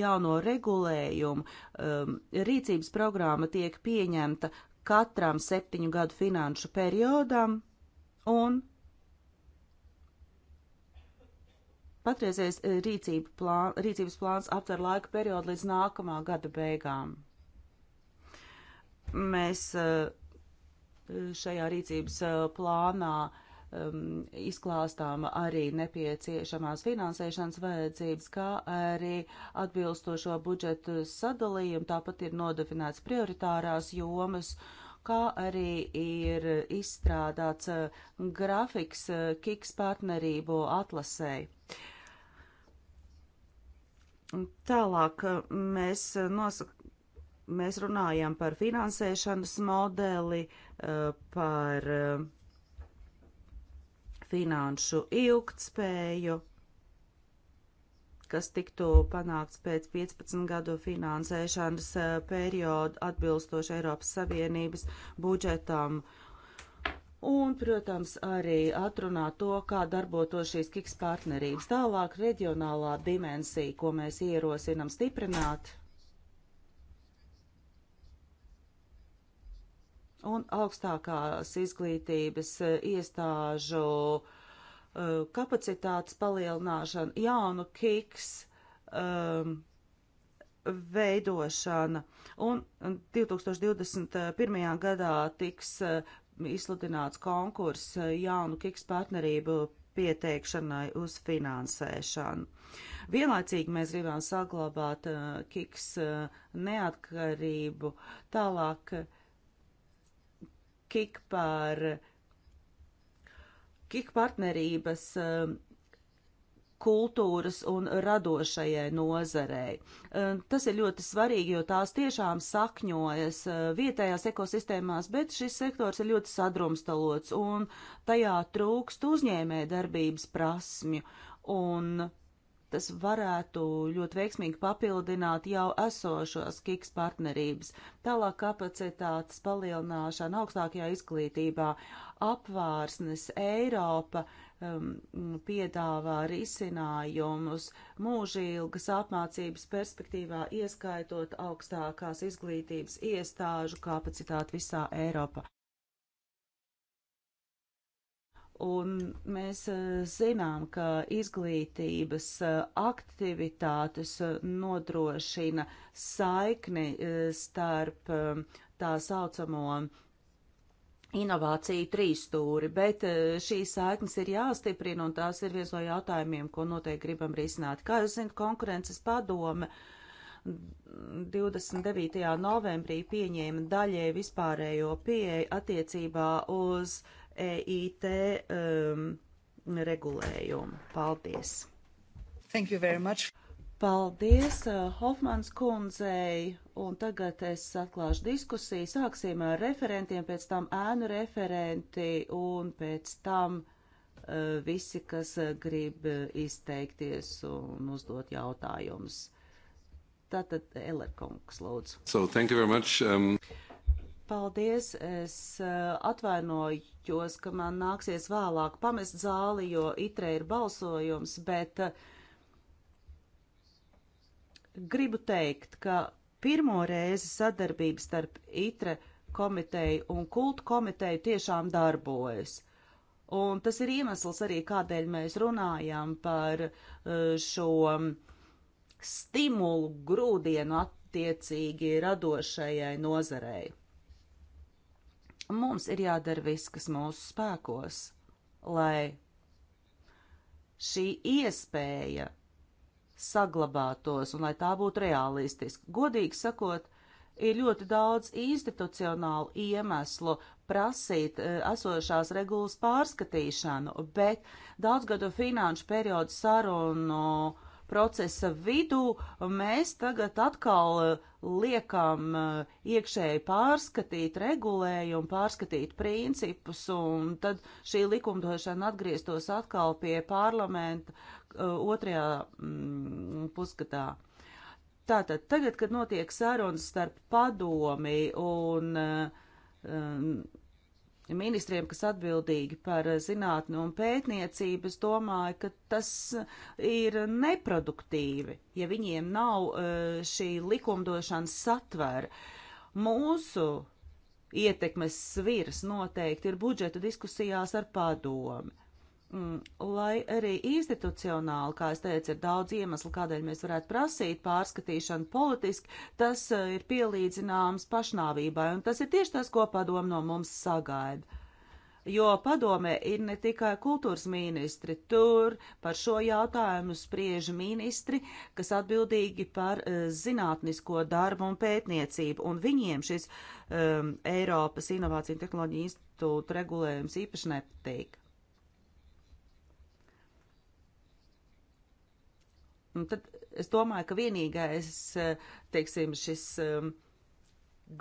jauno regulējumu, ehm, rīcības programma tiek pieņemta katram septiņu gadu finanšu periodam un patreizies eh, rīcība plān, rīcības plāns aptver laika periodu līdz nākamā gada beigām. Mēs uh, šajā rīcības uh, plānā um, izklāstām arī nepieciešamās finansēšanas vajadzības, kā arī atbilstošo budžetu sadalījumu. Tāpat ir nodefinēts prioritārās jomas, kā arī ir izstrādāts uh, grafiks uh, KIKS partnerību atlasēji. Tālāk mēs nosakām mēs runājam par finansēšanas modeli, eh, par eh, finanšu ilgtspēju, kas tiktu panākts pēc 15 gadu finansēšanas eh, periodu atbilstoši Eiropas Savienības budžetam. Un, protams, arī atrunā to, kā darbotos šīs kiks partnerības. Tālāk reģionālā dimensija, ko mēs ierosinam stiprināt, un augstākās izglītības e, iestāžu e, kapacitātes palielināšana, jaunu kiks um, veidošana. Un 2021. gadā tiks izsludināts konkurss jaunu kiks partnerību pieteikšanai uz finansēšanu. Vienlaicīgi mēs gribam saglabāt uh, kiks uh, neatkarību, tālāk uh, KIK par KIK partnerības um, kultūras un radošajai nozarei. Um, tas ir ļoti svarīgi, jo tās tiešām sakņojas uh, vietējās ekosistēmās, bet šis sektors ir ļoti sadrumstalots un tajā trūkst uzņēmē darbības prasmju. Un tas varētu ļoti veiksmīgi papildināt jau esošos kiks partnerības. Tālāk kapacitātes palielināšana augstākajā izglītībā, apvārsnes Eiropa um, piedāvā risinājumus mūžīlgas apmācības perspektīvā, ieskaitot augstākās izglītības iestāžu kapacitāti visā Eiropā. Un mēs eh, zinām, ka izglītības eh, aktivitātes eh, nodrošina saikni starp tā saucamo inovāciju trīsstūri, bet šīs saiknes ir jāstiprina, un tās ir viens no jautājumiem, ko noteikti gribam risināt. Kā jūs zinat, konkurences padome 29. novembrī pieņēma daļēji vispārējo pieeju attiecībā uz uh, EIT um, regulējumu. Paldies! Thank you very much! Paldies uh, Hofmans kundzei, un tagad es atklāšu diskusiju. Sāksim ar referentiem, pēc tam ēnu referenti, un pēc tam uh, visi, kas uh, grib uh, izteikties un uzdot jautājumus. Tātad Elerkungs, lūdzu. So, thank you very much. Um... Paldies, es eh, atvainojos, ka man nāksies vēlāk pamest zāli, jo itre ir balsojums, bet eh, gribu teikt, ka pirmo reizi sadarbība starp itre komiteju un kultu komiteju tiešām darbojas. Un tas ir iemesls arī, kādēļ mēs runājam par eh, šo mm, stimulu grūdienu attiecīgi radošajai nozarei. Mums ir jādara viss, kas mūsu spēkos, lai šī iespēja saglabātos un lai tā būtu realistiska. Godīgi sakot, ir ļoti daudz institucionālu iemeslu prasīt eh, esošās regulas pārskatīšanu, bet daudzgadu finanšu periodu sarunu procesa vidū mēs tagad atkal eh, liekam eh, iekšēji pārskatīt regulējumu, pārskatīt principus, un tad šī likumdošana atgrieztos atkal pie parlamenta eh, otrajā mm, pusgadā. Tātad tagad, kad notiek sarunas starp padomi un um, ministriem, kas atbildīgi par zinātnu un pētniecību, es domāju, ka tas ir neproduktīvi, ja viņiem nav eh, šī likumdošanas satvera. Mūsu ietekmes svirs noteikti ir budžeta diskusijās ar padomi. Mm, lai arī institucionāli, kā es teicu, ir daudz iemeslu, kādēļ mēs varētu prasīt pārskatīšanu politiski, tas eh, ir pielīdzināms pašnāvībai, un tas ir tieši tas, ko padom no mums sagaida. Jo padomē ir ne tikai kultūras ministri, tur par šo jautājumu spriež ministri, kas atbildīgi par uh, zinātnisko darbu un pētniecību, un viņiem šis um, Eiropas Inovāciju un Tehnoloģiju institūta regulējums īpaši nepatīk. Un nu, tad es domāju, ka vienīgais, teiksim, šis um,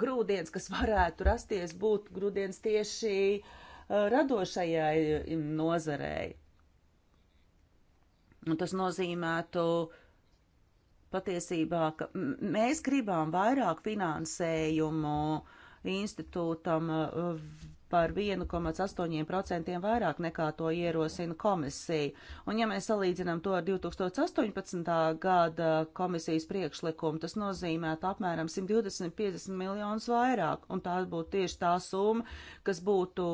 grūdienis, kas varētu rasties, būtu grūdienis tieši uh, radošajai um, nozarei. Un tas nozīmētu patiesībā, ka mēs gribām vairāk finansējumu institūtam uh, par 1,8% vairāk nekā to ierosina komisija. Un ja mēs salīdzinām to ar 2018. gada komisijas priekšlikumu, tas nozīmētu apmēram 120-50 miljonus vairāk, un tā būtu tieši tā summa, kas būtu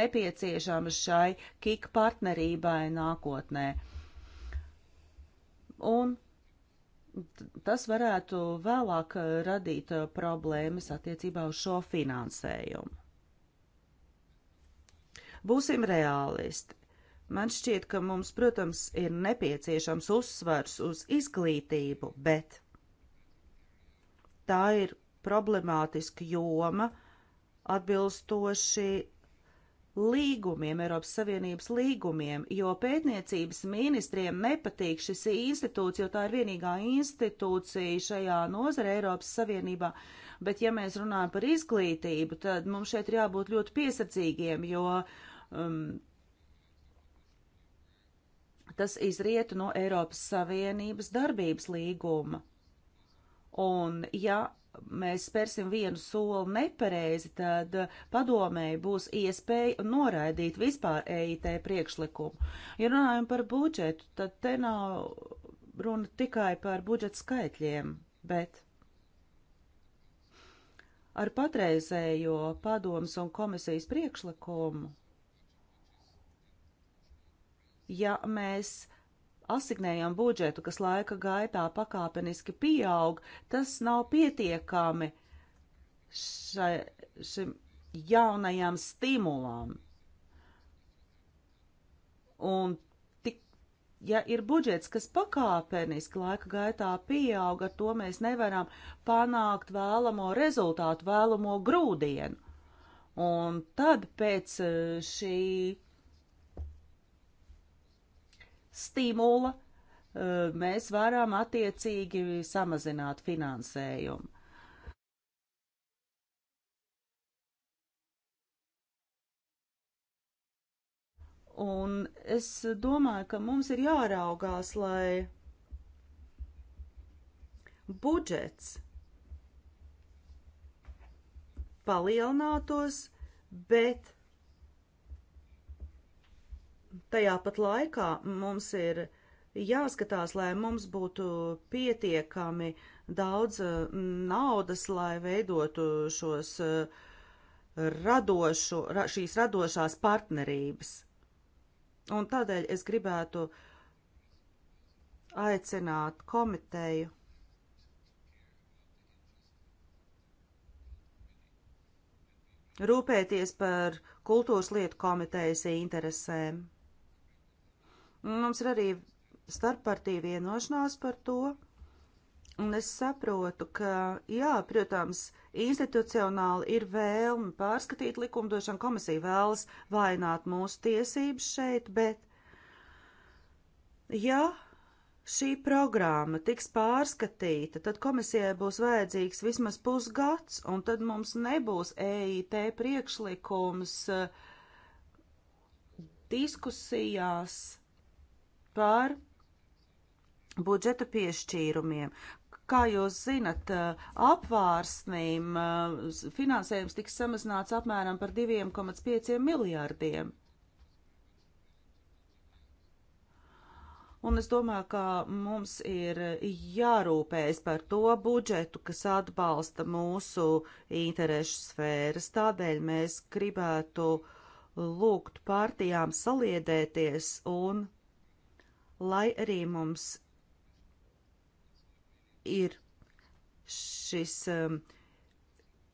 nepieciešama šai KIK partnerībai nākotnē. Un tas varētu vēlāk radīt uh, problēmas attiecībā uz šo finansējumu. Būsim reālisti. Man šķiet, ka mums, protams, ir nepieciešams uzsvars uz izglītību, bet tā ir problemātiska joma atbilstoši līgumiem, Eiropas Savienības līgumiem, jo pētniecības ministriem nepatīk šis institūts, jo tā ir vienīgā institūcija šajā nozare Eiropas Savienībā. Bet, ja mēs runājam par izglītību, tad mums šeit ir jābūt ļoti piesardzīgiem, jo uh, Um, tas izrietu no Eiropas Savienības darbības līguma. Un, ja mēs spērsim vienu soli nepareizi, tad padomēji būs iespēja noraidīt vispār EIT priekšlikumu. Ja runājam par budžetu, tad te nav runa tikai par budžeta skaitļiem, bet ar patreizējo padomas un komisijas priekšlikumu ja mēs asignējam budžetu, kas laika gaitā pakāpeniski pieaug, tas nav pietiekami šai, šim jaunajam stimulam. Un tik, ja ir budžets, kas pakāpeniski laika gaitā pieaug, ar to mēs nevaram panākt vēlamo rezultātu, vēlamo grūdienu. Un tad pēc eh, šī stimula eh, mēs varam attiecīgi samazināt finansējumu. Un es domāju, ka mums ir jāraugās, lai budžets palielinātos, bet tajā pat laikā mums ir jāskatās, lai mums būtu pietiekami daudz eh, naudas, lai veidotu šos eh, radošu, šīs radošās partnerības. Un tādēļ es gribētu aicināt komiteju rūpēties par kultūras lietu komitejas interesēm. Mums ir arī starppartija vienošanās par to, un es saprotu, ka, jā, protams, institucionāli ir vēlme pārskatīt likumdošanu, komisija vēlas vainot mūsu tiesības šeit, bet, ja šī programma tiks pārskatīta, tad komisijai būs vajadzīgs vismaz pusgads, un tad mums nebūs EIT priekšlikums eh, diskusijās par budžeta piešķīrumiem. Kā jūs zinat, eh, apvārsnīm eh, finansējums tiks samazināts apmēram par 2,5 miljārdiem. Un es domāju, ka mums ir jārūpējas par to budžetu, kas atbalsta mūsu interešu sfēras. Tādēļ mēs gribētu lūgt partijām saliedēties un lai arī mums ir šis um,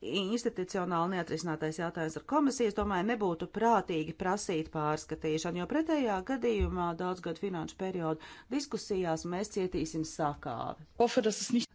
institucionāli neatrisinātais jautājums ar komisiju, es domāju, nebūtu prātīgi prasīt pārskatīšanu, jo pretējā gadījumā daudz gadu finanšu periodu diskusijās mēs cietīsim sakāvi.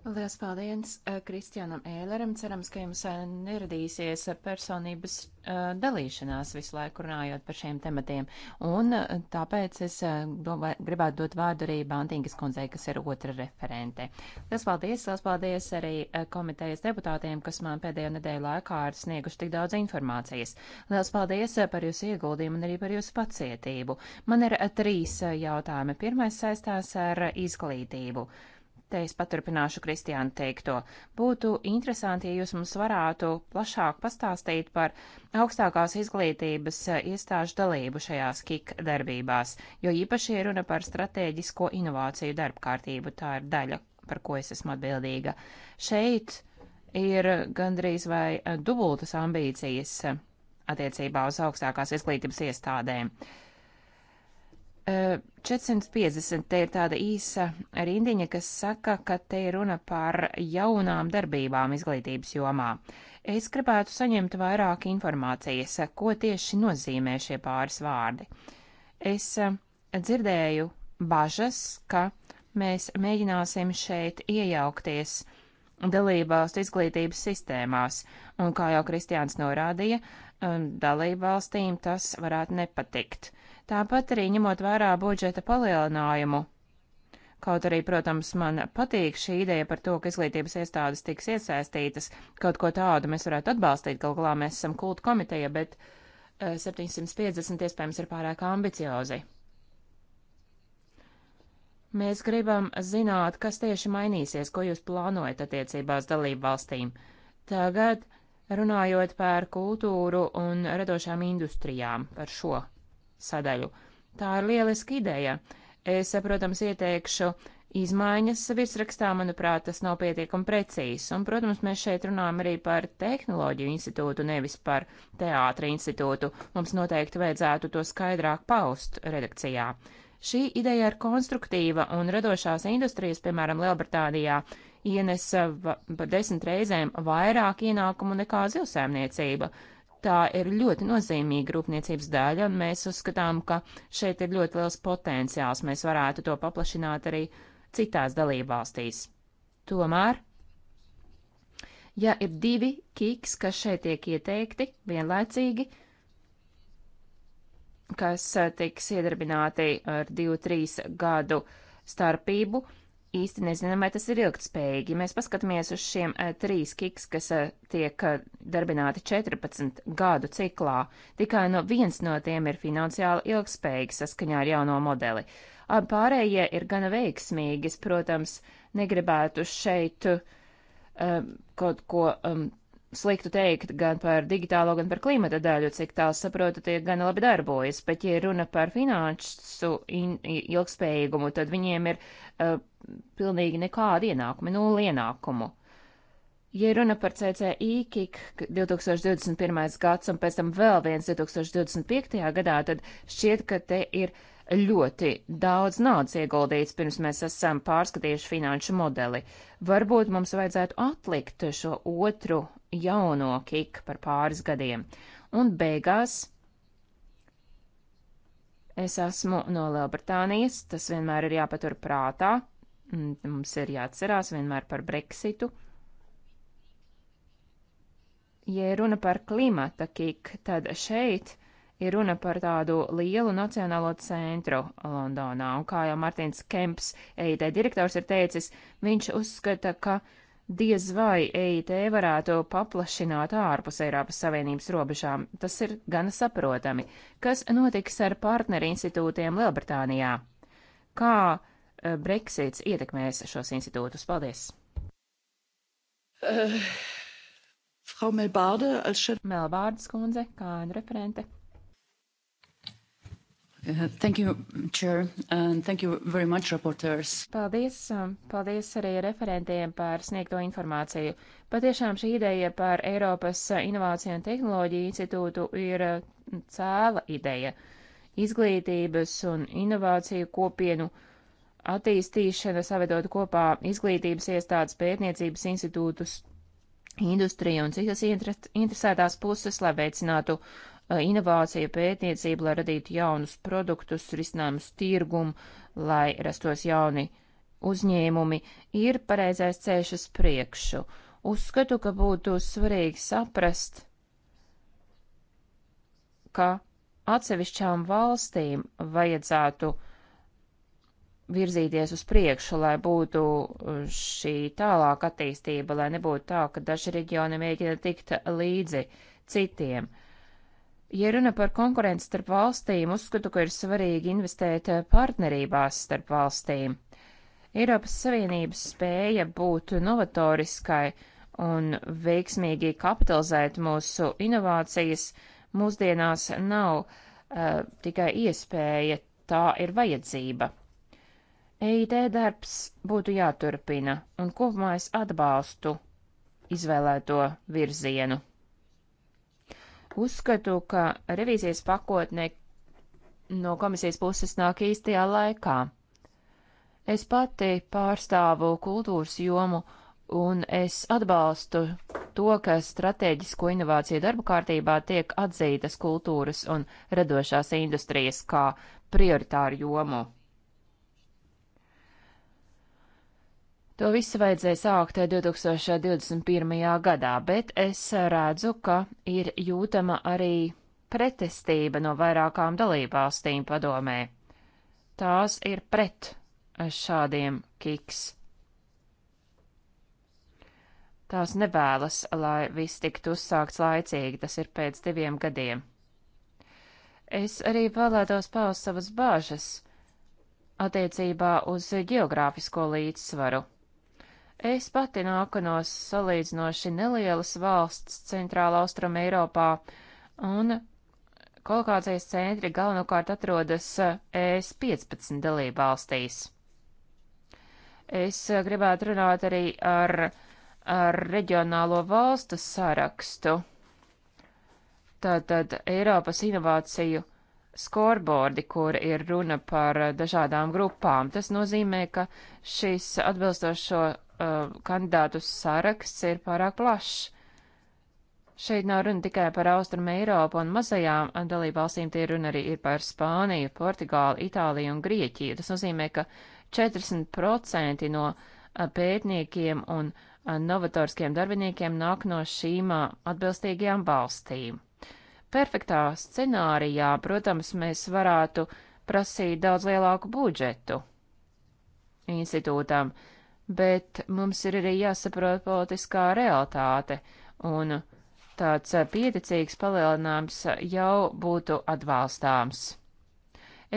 Lielas paldies eh, Kristianam Ēleram. Cerams, ka jums eh, neradīsies personības Uh, dalīšanās visu laiku runājot par šiem tematiem. Un uh, tāpēc es uh, domā, gribētu dot vārdu arī Bantīngas kundzei, kas ir otra referente. Liels paldies, liels paldies arī komitejas deputātiem, kas man pēdējo nedēļu laikā ir snieguši tik daudz informācijas. Liels paldies par jūsu ieguldījumu un arī par jūsu pacietību. Man ir trīs jautājumi. Pirmais saistās ar izglītību. Te es paturpināšu Kristiānu teikto. Būtu interesanti, ja jūs mums varētu plašāk pastāstīt par augstākās izglītības eh, iestāžu dalību šajās KIK darbībās, jo īpaši ir runa par strateģisko inovāciju darbkārtību. Tā ir daļa, par ko es esmu atbildīga. Šeit ir gandrīz vai eh, dubultas ambīcijas eh, attiecībā uz augstākās izglītības iestādēm. Uh, 450 te ir tāda īsa rindiņa, kas saka, ka te ir runa par jaunām darbībām izglītības jomā. Es gribētu saņemt vairāk informācijas, ko tieši nozīmē šie pāris vārdi. Es eh, dzirdēju bažas, ka mēs mēģināsim šeit iejaukties dalībvalstu izglītības sistēmās, un kā jau Kristiāns norādīja, um, dalībvalstīm tas varētu nepatikt. Uh, tāpat arī ņemot vērā budžeta palielinājumu. Kaut arī, protams, man patīk šī ideja par to, ka izglītības iestādes tiks iesaistītas, kaut ko tādu mēs varētu atbalstīt, galu galā mēs esam kultu komiteja, bet 750 eh, iespējams ir pārāk ambiciozi. Mēs gribam zināt, kas tieši mainīsies, ko jūs plānojat attiecībās dalību valstīm. Tagad runājot par kultūru un radošām industrijām, par šo sadaļu. Tā ir lieliska ideja. Es, protams, ieteikšu izmaiņas virsrakstā, manuprāt, tas nav pietiekami precīzs. Un, protams, mēs šeit runājam arī par tehnoloģiju institūtu, nevis par teātra institūtu. Mums noteikti vajadzētu to skaidrāk paust redakcijā. Šī ideja ir konstruktīva un radošās industrijas, piemēram, Lielbritānijā, ienesa pa desmit reizēm vairāk ienākumu nekā zivsēmniecība. Tā ir ļoti nozīmīga rūpniecības daļa, un mēs uzskatām, ka šeit ir ļoti liels potenciāls. Mēs varētu to paplašināt arī citās dalībvalstīs. Tomēr, ja ir divi kiks, kas šeit tiek ieteikti vienlaicīgi, kas tiks iedarbināti ar 2-3 gadu starpību, īsti nezinām, vai tas ir ilgtspējīgi. Mēs paskatāmies uz šiem uh, trīs kiks, kas uh, tiek uh, darbināti 14 gadu ciklā. Tikai no viens no tiem ir finansiāli ilgtspējīgs saskaņā ar jauno modeli. Abi pārējie ir gana veiksmīgi. Es, protams, negribētu šeit uh, kaut ko um, sliktu teikt gan par digitālo, gan par klimata daļu, cik tās saprotu, tie gan labi darbojas, bet, ja runa par finanšu ilgspējīgumu, tad viņiem ir uh, pilnīgi nekāda ienākuma, nulli ienākumu. Ja runa par CCI, KIK 2021. gads un pēc tam vēl viens 2025. gadā, tad šķiet, ka te ir uh, ļoti daudz naudas ieguldīts, pirms mēs esam pārskatījuši finanšu modeli. Varbūt mums vajadzētu atlikt šo otru jauno kiku par pāris gadiem. Un beigās es esmu no Lielbritānijas, tas vienmēr ir jāpatur prātā, mm, mums ir jāatcerās vienmēr par Brexitu. Ja runa par klimata kiku, tad šeit ir runa par tādu lielu nacionālo centru Londonā. Un kā jau Martins Kemps, EIT direktors, ir teicis, viņš uzskata, ka diez vai EIT varētu paplašināt ārpus Eiropas Savienības robežām. Tas ir gana saprotami. Kas notiks ar partneri institūtiem Lielbritānijā? Kā e, Brexits ietekmēs šos institūtus? Paldies! Uh. Frau Melbārde, als Melbārdes kundze, kā referente. Uh, thank you, Chair, and thank you very much, reporters. Paldies, um, paldies arī referentiem par sniegto informāciju. Patiešām šī ideja par Eiropas Inovāciju un Tehnoloģiju institūtu ir uh, cēla ideja izglītības un inovāciju kopienu attīstīšana, savedot kopā izglītības iestādes, pētniecības institūtus, industriju un citas interesētās puses, lai veicinātu Uh, inovāciju, pētniecību, lai radītu jaunus produktus, risinājumus tirgumu, lai rastos jauni uzņēmumi, ir pareizais ceļš uz priekšu. Uzskatu, ka būtu svarīgi saprast, ka atsevišķām valstīm vajadzētu virzīties uz priekšu, lai būtu uh, šī tālāk attīstība, lai nebūtu tā, ka daži reģioni mēģina tikt līdzi citiem. Uh, Ja runa par konkurenci starp valstīm, uzskatu, ka ir svarīgi investēt eh, partnerībās starp valstīm. Eiropas Savienības spēja būt novatoriskai un veiksmīgi kapitalizēt mūsu inovācijas mūsdienās nav uh, tikai iespēja, tā ir vajadzība. EIT darbs būtu jāturpina, un kopumā es atbalstu izvēlēto virzienu. Uzskatu, ka revīzijas pakotne no komisijas puses nāk īstajā laikā. Es pati pārstāvu kultūras jomu un es atbalstu to, ka strateģisko inovāciju darba kārtībā tiek atzītas kultūras un radošās industrijas kā prioritāru jomu. To visu vajadzēja sākt 2021. gadā, bet es redzu, ka ir jūtama arī pretestība no vairākām dalībvalstīm padomē. Tās ir pret šādiem kiks. Tās nevēlas, lai viss tiktu uzsākts laicīgi, tas ir pēc diviem gadiem. Es arī vēlētos paust savas bāžas attiecībā uz geogrāfisko līdzsvaru. Es pati nāku no salīdzinoši nelielas valsts centrāla austruma Eiropā, un kolokācijas centri galvenokārt atrodas eh, ES 15 dalību valstīs. Es eh, gribētu runāt arī ar, ar reģionālo valstu sarakstu. Tātad Eiropas inovāciju scoreboardi, kur ir runa par eh, dažādām grupām. Tas nozīmē, ka šis atbilstošo uh, kandidātu saraksts ir pārāk plašs. Šeit nav runa tikai par Austrumu Eiropu un mazajām dalībvalstīm, tie runa arī ir par Spāniju, Portugālu, Itāliju un Grieķiju. Tas nozīmē, ka 40% no uh, pētniekiem un uh, novatoriskiem darbiniekiem nāk no šīm uh, atbilstīgajām valstīm. Perfektā scenārijā, protams, mēs varētu prasīt daudz lielāku budžetu institūtām. Uh, bet mums ir arī jāsaprot politiskā realitāte, un tāds pieticīgs palielinājums jau būtu atbalstāms.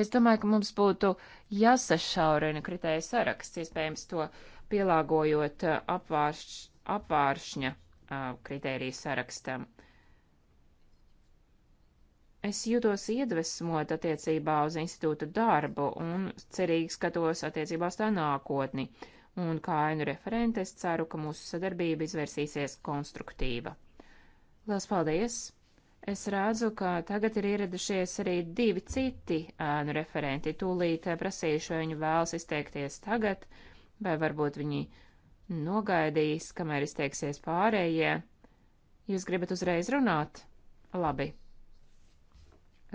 Es domāju, ka mums būtu jāsašaurina kritēja saraksts, iespējams to pielāgojot apvārš, apvāršņa kritēriju sarakstam. Es jūtos iedvesmot attiecībā uz institūta darbu un cerīgi skatos attiecībā uz tā nākotni. Uh, un kā ainu referente es ceru, ka mūsu sadarbība izvērsīsies konstruktīva. Lielas paldies! Es redzu, ka tagad ir ieradušies arī divi citi ēnu referenti. Tūlīt eh, prasīšu, vai viņi vēlas izteikties tagad, vai varbūt viņi nogaidīs, kamēr izteiksies pārējie. Jūs gribat uzreiz runāt? Labi.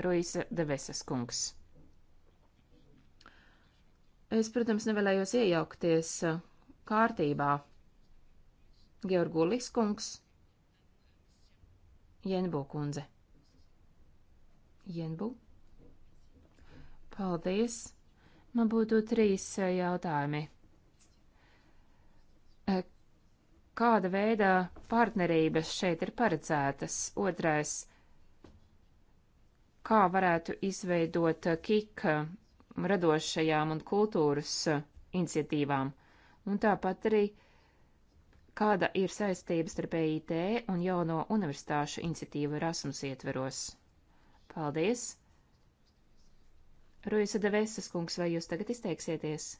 Ruisa Devesas kungs. Es, protams, nevēlējos iejaukties kārtībā. Georgu Liskungs, Jenbu kundze. Jenbu? Paldies. Man būtu trīs jautājumi. Kāda veida partnerības šeit ir paredzētas? Otrais, kā varētu izveidot KIK radošajām un kultūras eh, iniciatīvām, un tāpat arī kāda ir saistība starp EIT un jauno universitāšu iniciatīvu Erasmus ietveros. Paldies! Ruisa Devesas kungs, vai jūs tagad izteiksieties?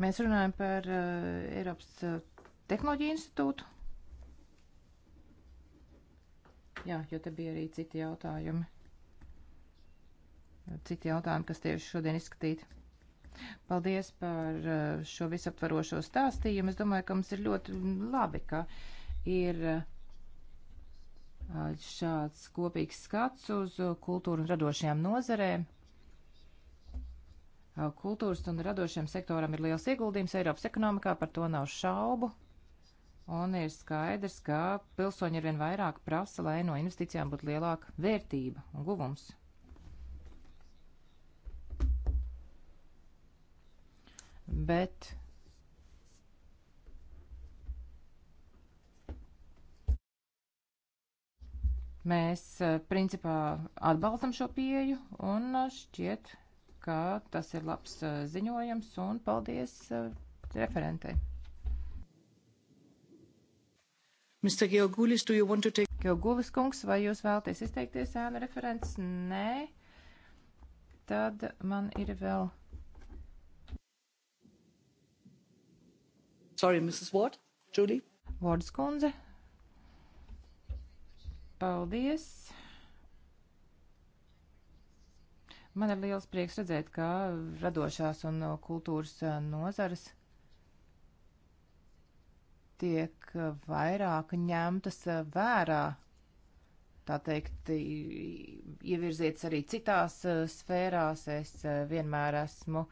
Mēs runājam par uh, Eiropas eh, Tehnoloģiju institūtu. Jā, jo te bija arī citi jautājumi. Citi jautājumi, kas tieši šodien izskatīti. Paldies par uh, šo visaptvarošo stāstījumu. Es domāju, ka mums ir ļoti labi, ka ir uh, šāds kopīgs skats uz kultūru un radošajām nozarēm. Uh, kultūras un radošajam sektoram ir liels ieguldījums Eiropas ekonomikā, par to nav šaubu. Un ir skaidrs, ka pilsoņi arvien vairāk prasa, lai no investīcijām būtu lielāka vērtība un guvums. Bet mēs eh, principā atbalstam šo pieju un eh, šķiet, ka tas ir labs eh, ziņojums un paldies referentei. Mr. Georgulis, do you want to take? Georgulis kungs, vai jūs vēlaties izteikties ēnu referents? Nē. Tad man ir vēl. Sorry, Mrs. Ward, Julie. Vordas kundze. Paldies. Man ir liels prieks redzēt, ka radošās un uh, kultūras uh, nozares tiek eh, vairāk ņemtas eh, vērā, tā teikt, ievirzīts arī citās eh, sfērās. Es vienmēr esmu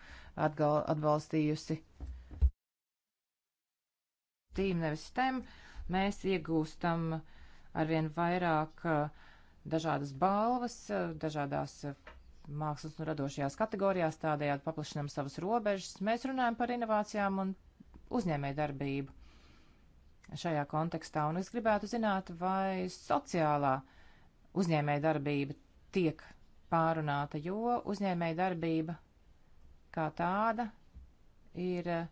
atgal, atbalstījusi tīm nevis tem. Mēs iegūstam arvien vairāk dažādas balvas, dažādās mākslas un radošajās kategorijās, tādējādi paplašinam savas robežas. Mēs runājam par inovācijām un uzņēmējdarbību šajā kontekstā, un es gribētu zināt, vai sociālā uzņēmēja darbība tiek pārunāta, jo uzņēmēja darbība kā tāda ir eh,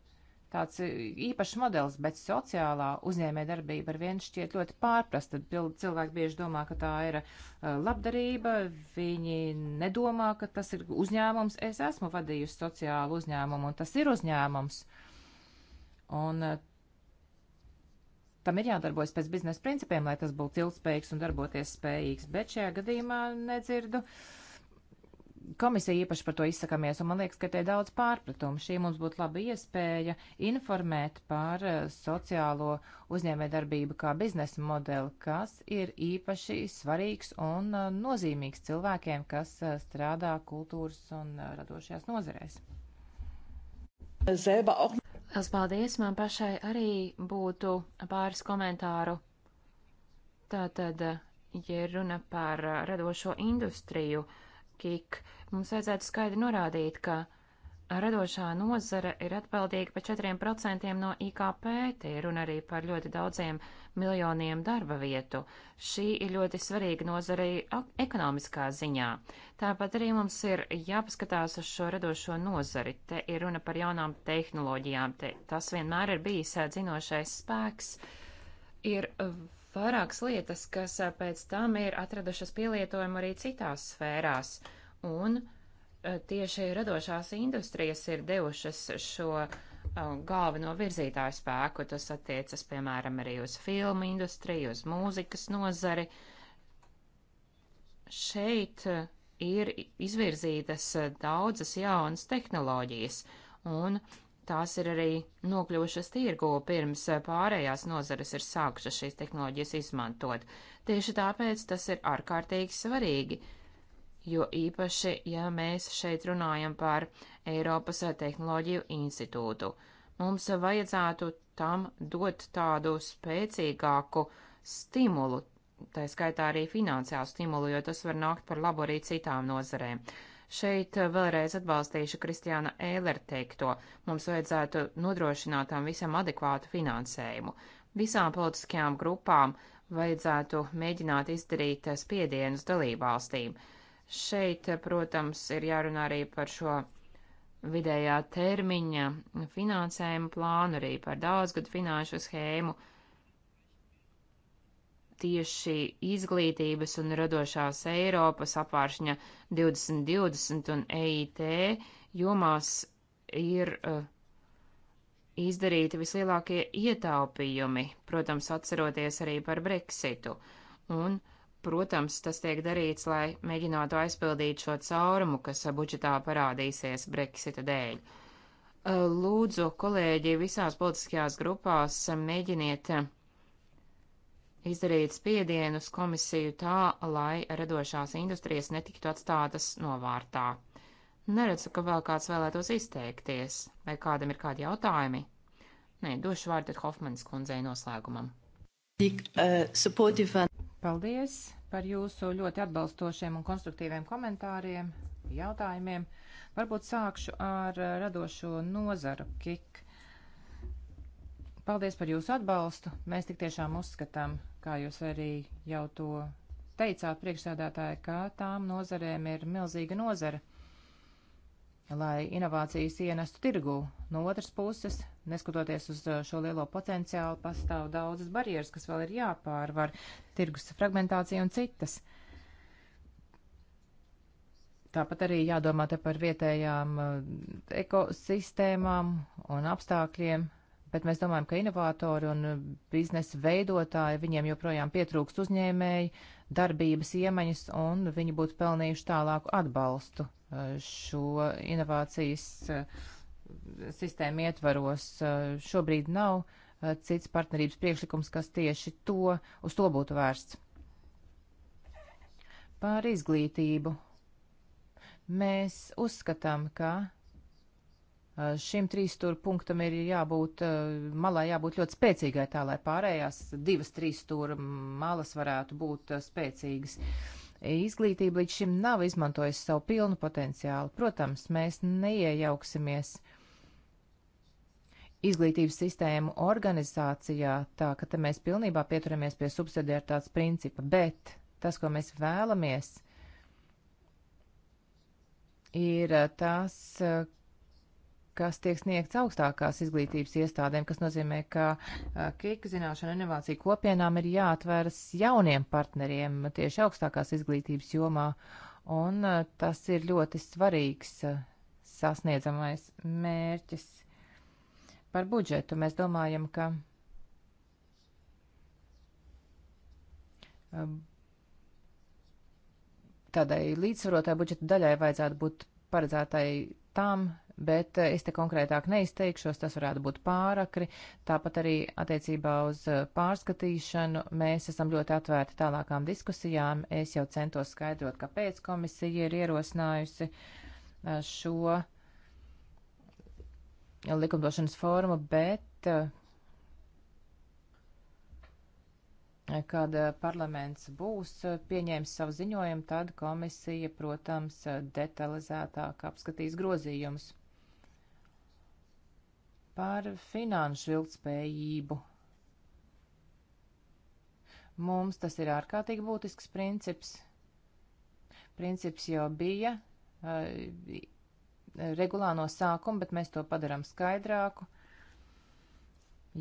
tāds eh, īpašs modelis, bet sociālā uzņēmē darbība ar vienu šķiet ļoti pārprasta. Cilvēki bieži domā, ka tā ir eh, labdarība, viņi nedomā, ka tas ir uzņēmums. Es esmu vadījusi sociālu uzņēmumu, un tas ir uzņēmums. Un Tam ir jādarbojas pēc biznesa principiem, lai tas būtu ilgspējīgs un darboties spējīgs, bet šajā gadījumā nedzirdu. Komisija īpaši par to izsakamies, un man liekas, ka te ir daudz pārpratumu. Šī mums būtu laba iespēja informēt par eh, sociālo uzņēmējdarbību kā biznesa modeli, kas ir īpaši svarīgs un eh, nozīmīgs cilvēkiem, kas eh, strādā kultūras un radošajās nozerēs. Selber auch Es paldies, man pašai arī būtu pāris komentāru. Tātad, ja runa par uh, radošo industriju, KIK, mums vajadzētu skaidri norādīt, ka radošā nozara ir atbildīga par 4% no IKP, tie runa arī par ļoti daudziem miljoniem darba vietu. Šī ir ļoti svarīga nozara arī ekonomiskā ziņā. Tāpat arī mums ir jāpaskatās uz šo radošo nozari. Te ir runa par jaunām tehnoloģijām, te tas vienmēr ir bijis dzinošais spēks. Ir vairākas lietas, kas pēc tam ir atradušas pielietojumu arī citās sfērās. Un uh, Eh, tieši radošās industrijas ir devušas šo eh, galveno virzītāju spēku. Tas attiecas, piemēram, arī uz filmu industriju, uz mūzikas nozari. Šeit eh, ir izvirzītas daudzas jaunas tehnoloģijas, un tās ir arī nokļuvušas tirgū pirms pārējās nozares ir sākušas šīs tehnoloģijas izmantot. Tieši tāpēc tas ir ārkārtīgi svarīgi jo īpaši, ja mēs šeit runājam par Eiropas tehnoloģiju institūtu. Mums vajadzētu tam dot tādu spēcīgāku stimulu, tā skaitā arī finansiālu stimulu, jo tas var nākt par labu arī citām nozarēm. Šeit vēlreiz atbalstīšu Kristiāna Ēlera teikto. Mums vajadzētu nodrošināt tam visam adekvātu finansējumu. Visām politiskajām grupām vajadzētu mēģināt izdarīt spiedienus dalībvalstīm. valstīm Šeit, protams, ir jārunā arī par šo vidējā termiņa finansējumu plānu, arī par daudzgadu finanšu schēmu. Tieši izglītības un radošās Eiropas apvāršņa 2020 un EIT jomās ir uh, izdarīti vislielākie ietaupījumi, protams, atceroties arī par Brexitu. Un uh, Protams, tas tiek darīts, lai mēģinātu aizpildīt šo caurumu, kas budžetā parādīsies Brexita dēļ. Lūdzu, kolēģi, visās politiskajās grupās mēģiniet izdarīt spiedienu uz komisiju tā, lai radošās industrijas netiktu atstātas novārtā. Neredzu, ka vēl kāds vēlētos izteikties, vai kādam ir kādi jautājumi. Nē, došu vārdu Hofmanis kundzei noslēgumam. Tik, uh, Paldies par jūsu ļoti atbalstošiem un konstruktīviem komentāriem, jautājumiem. Varbūt sākšu ar radošo nozaru KIK. Paldies par jūsu atbalstu. Mēs tik tiešām uzskatām, kā jūs arī jau to teicāt priekšsēdētāji, ka tām nozarēm ir milzīga nozara lai inovācijas ienestu tirgū. No otras puses, neskatoties uz uh, šo lielo potenciālu, pastāv daudzas barjeras, kas vēl ir jāpārvar - tirgus fragmentācija un citas. Tāpat arī jādomā te par vietējām uh, ekosistēmām un apstākļiem, bet mēs domājam, ka inovatori un uh, biznesa veidotāji, viņiem joprojām pietrūkst uzņēmēji, darbības iemaņas, un viņi būtu pelnījuši tālāku atbalstu šo inovācijas eh, sistēmu ietvaros. Eh, šobrīd nav eh, cits partnerības priekšlikums, kas tieši to, uz to būtu vērsts. Par izglītību. Mēs uzskatām, ka šim trīsstūra punktam ir jābūt, malā jābūt ļoti spēcīgai tā, lai pārējās divas trīsstūra malas varētu būt spēcīgas. Uh, izglītība līdz šim nav izmantojusi savu pilnu potenciālu. Protams, mēs neiejauksimies izglītības sistēmu organizācijā, tā ka te mēs pilnībā pieturamies pie subsidiaritātes principa, bet tas, ko mēs vēlamies, ir tas, kas tiek sniegts augstākās izglītības iestādēm, kas nozīmē, ka KIK zināšana un inovācija kopienām ir jāatveras jauniem partneriem tieši augstākās izglītības jomā, un tas ir ļoti svarīgs sasniedzamais mērķis. Par budžetu mēs domājam, ka tādai līdzsvarotai budžeta daļai vajadzētu būt paredzētai tām bet eh, es te konkrētāk neizteikšos, tas varētu būt pārakri. Tāpat arī attiecībā uz eh, pārskatīšanu mēs esam ļoti atvērti tālākām diskusijām. Es jau centos skaidrot, kāpēc komisija ir ierosinājusi eh, šo likumdošanas formu, bet kad parlaments būs pieņēmis savu ziņojumu, tad komisija, protams, detalizētāk apskatīs grozījumus par finanšu ilgtspējību. Mums tas ir ārkārtīgi būtisks princips. Princips jau bija uh, regulā no sākuma, bet mēs to padarām skaidrāku,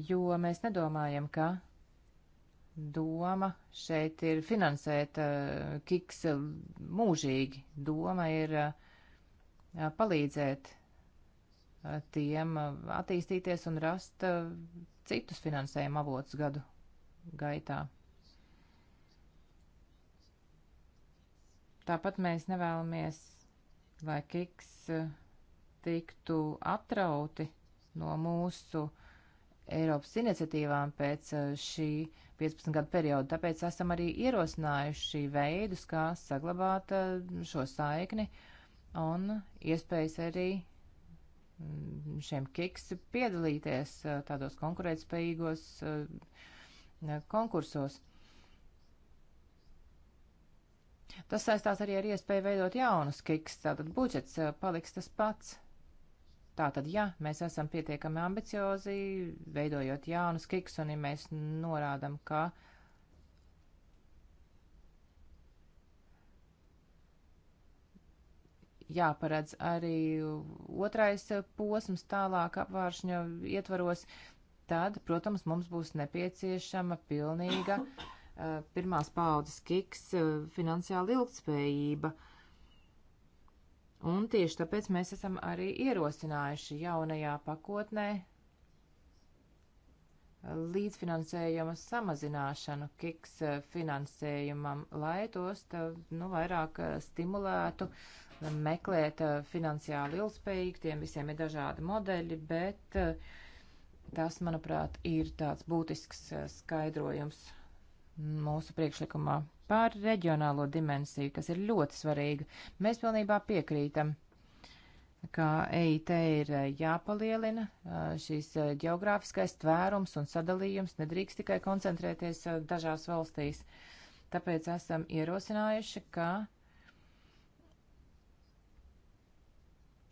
jo mēs nedomājam, ka doma šeit ir finansēt uh, kiks eh, mūžīgi. Doma ir uh, palīdzēt tiem uh, attīstīties un rast uh, citus finansējuma avotus gadu gaitā. Tāpat mēs nevēlamies, lai kiks uh, tiktu atrauti no mūsu Eiropas iniciatīvām pēc šī 15 gadu perioda. Tāpēc esam arī ierosinājuši veidus, kā saglabāt šo saikni un iespējas arī Mm, šiem kiks piedalīties eh, tādos konkurētspējīgos eh, konkursos. Tas saistās arī ar iespēju veidot jaunus kiks, tātad budžets eh, paliks tas pats. Tātad, ja mēs esam pietiekami ambiciozi, veidojot jaunus kiks, un ja mēs norādam, ka uh, jāparedz arī otrais posms tālāk apvāršņa ietvaros, tad, protams, mums būs nepieciešama pilnīga uh, pirmās paudzes kiks uh, finansiāla ilgtspējība. Un tieši tāpēc mēs esam arī ierosinājuši jaunajā pakotnē līdzfinansējuma samazināšanu kiks eh, finansējumam, lai tos tā, nu, vairāk stimulētu uh, meklēt eh, finansiāli ilgspējīgi, tiem visiem ir dažādi modeļi, bet eh, tas, manuprāt, ir tāds būtisks eh, skaidrojums mūsu priekšlikumā par reģionālo dimensiju, kas ir ļoti svarīga. Mēs pilnībā piekrītam, ka EIT ir jāpalielina šīs geogrāfiskais tvērums un sadalījums, nedrīkst tikai koncentrēties dažās valstīs. Tāpēc esam ierosinājuši, ka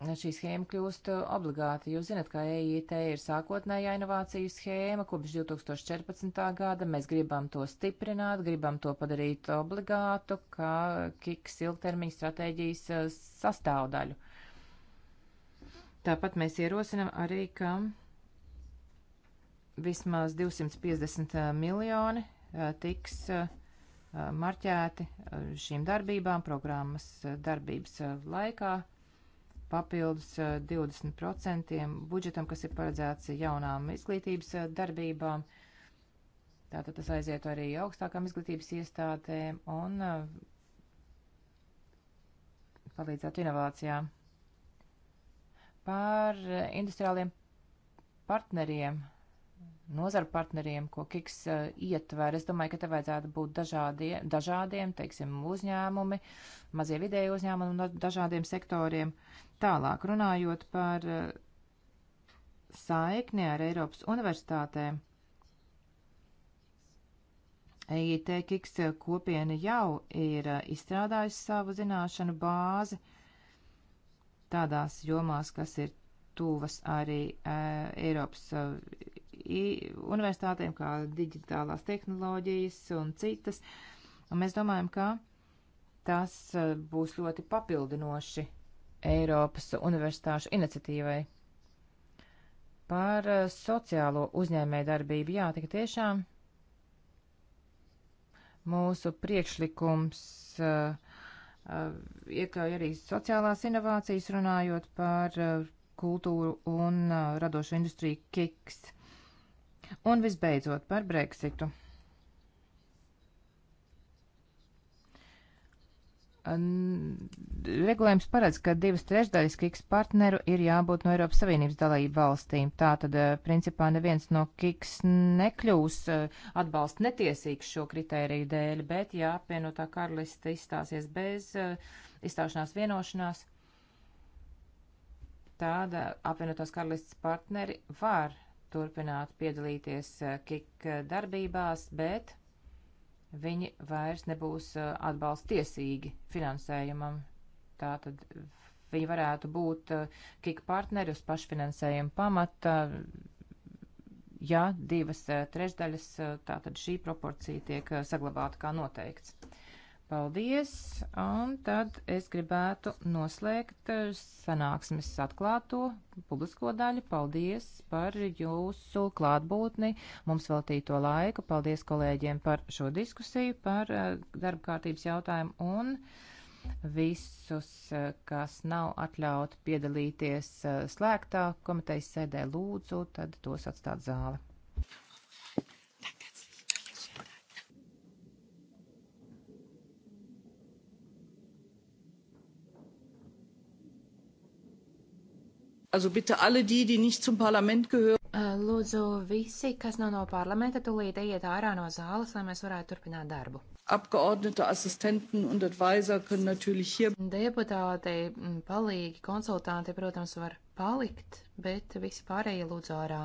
Nu, šī schēma kļūst uh, obligāta. Jūs zinat, ka EIT ir sākotnējā inovāciju schēma kopš 2014. gada. Mēs gribam to stiprināt, gribam to padarīt obligātu, kā kiks ilgtermiņa stratēģijas uh, sastāvdaļu. Tāpat mēs ierosinam arī, ka vismaz 250 uh, miljoni tiks marķēti šīm darbībām programmas darbības laikā papildus 20% eh, budžetam, kas ir paredzēts jaunām izglītības eh, darbībām. Tātad tas aiziet arī augstākām izglītības iestādēm un eh, palīdzētu inovācijām. Par industriāliem partneriem nozaru partneriem, ko Kiks uh, ietver. Es domāju, ka te vajadzētu būt dažādie, dažādiem, teiksim, uzņēmumi, mazie vidēji uzņēmumi no dažādiem sektoriem. Tālāk runājot par uh, saikni ar Eiropas universitātēm. EIT Kiks kopiena jau ir uh, izstrādājusi savu zināšanu bāzi tādās jomās, kas ir tuvas arī uh, Eiropas uh, universitātēm, kā digitālās tehnoloģijas un citas. Un mēs domājam, ka tas e, būs ļoti papildinoši Eiropas universitāšu iniciatīvai. Par e, sociālo uzņēmē darbību, jā, tik tiešām mūsu priekšlikums uh, uh, iekļauj arī sociālās inovācijas, runājot par uh, kultūru un radošu industriju kiks. Un visbeidzot par Brexitu. regulējums paredz, ka divas trešdaļas KIKS partneru ir jābūt no Eiropas Savienības dalību valstīm. Tātad, eh, principā, neviens no KIKS nekļūs eh, atbalst netiesīgs šo kritēriju dēļ, bet, ja apvienotā karaliste izstāsies bez eh, izstāšanās vienošanās, tāda apvienotās karalistes partneri var turpināt piedalīties eh, KIK eh, darbībās, bet viņi vairs nebūs eh, atbalstiesīgi finansējumam. Tātad viņi varētu būt KIK partneri uz pašfinansējuma pamata, ja divas trešdaļas tātad šī proporcija tiek saglabāta kā noteikts. Paldies, un tad es gribētu noslēgt eh, sanāksmes atklāto publisko daļu. Paldies par jūsu klātbūtni, mums veltīto laiku. Paldies kolēģiem par šo diskusiju, par eh, darba kārtības jautājumu un visus, eh, kas nav atļauti piedalīties slēgtā komitejas sēdē, lūdzu, tad tos atstāt zāli. Also bitte alle die, die nicht zum Parlament gehören. Lūdzu, visi, kas nav no parlamenta, tūlīt ejiet ārā no zāles, lai mēs varētu turpināt darbu. Abgeordnete, assistenten un advisor können natürlich hier. Deputāti, palīgi, konsultanti, protams, var palikt, bet visi pārējie lūdzu ārā.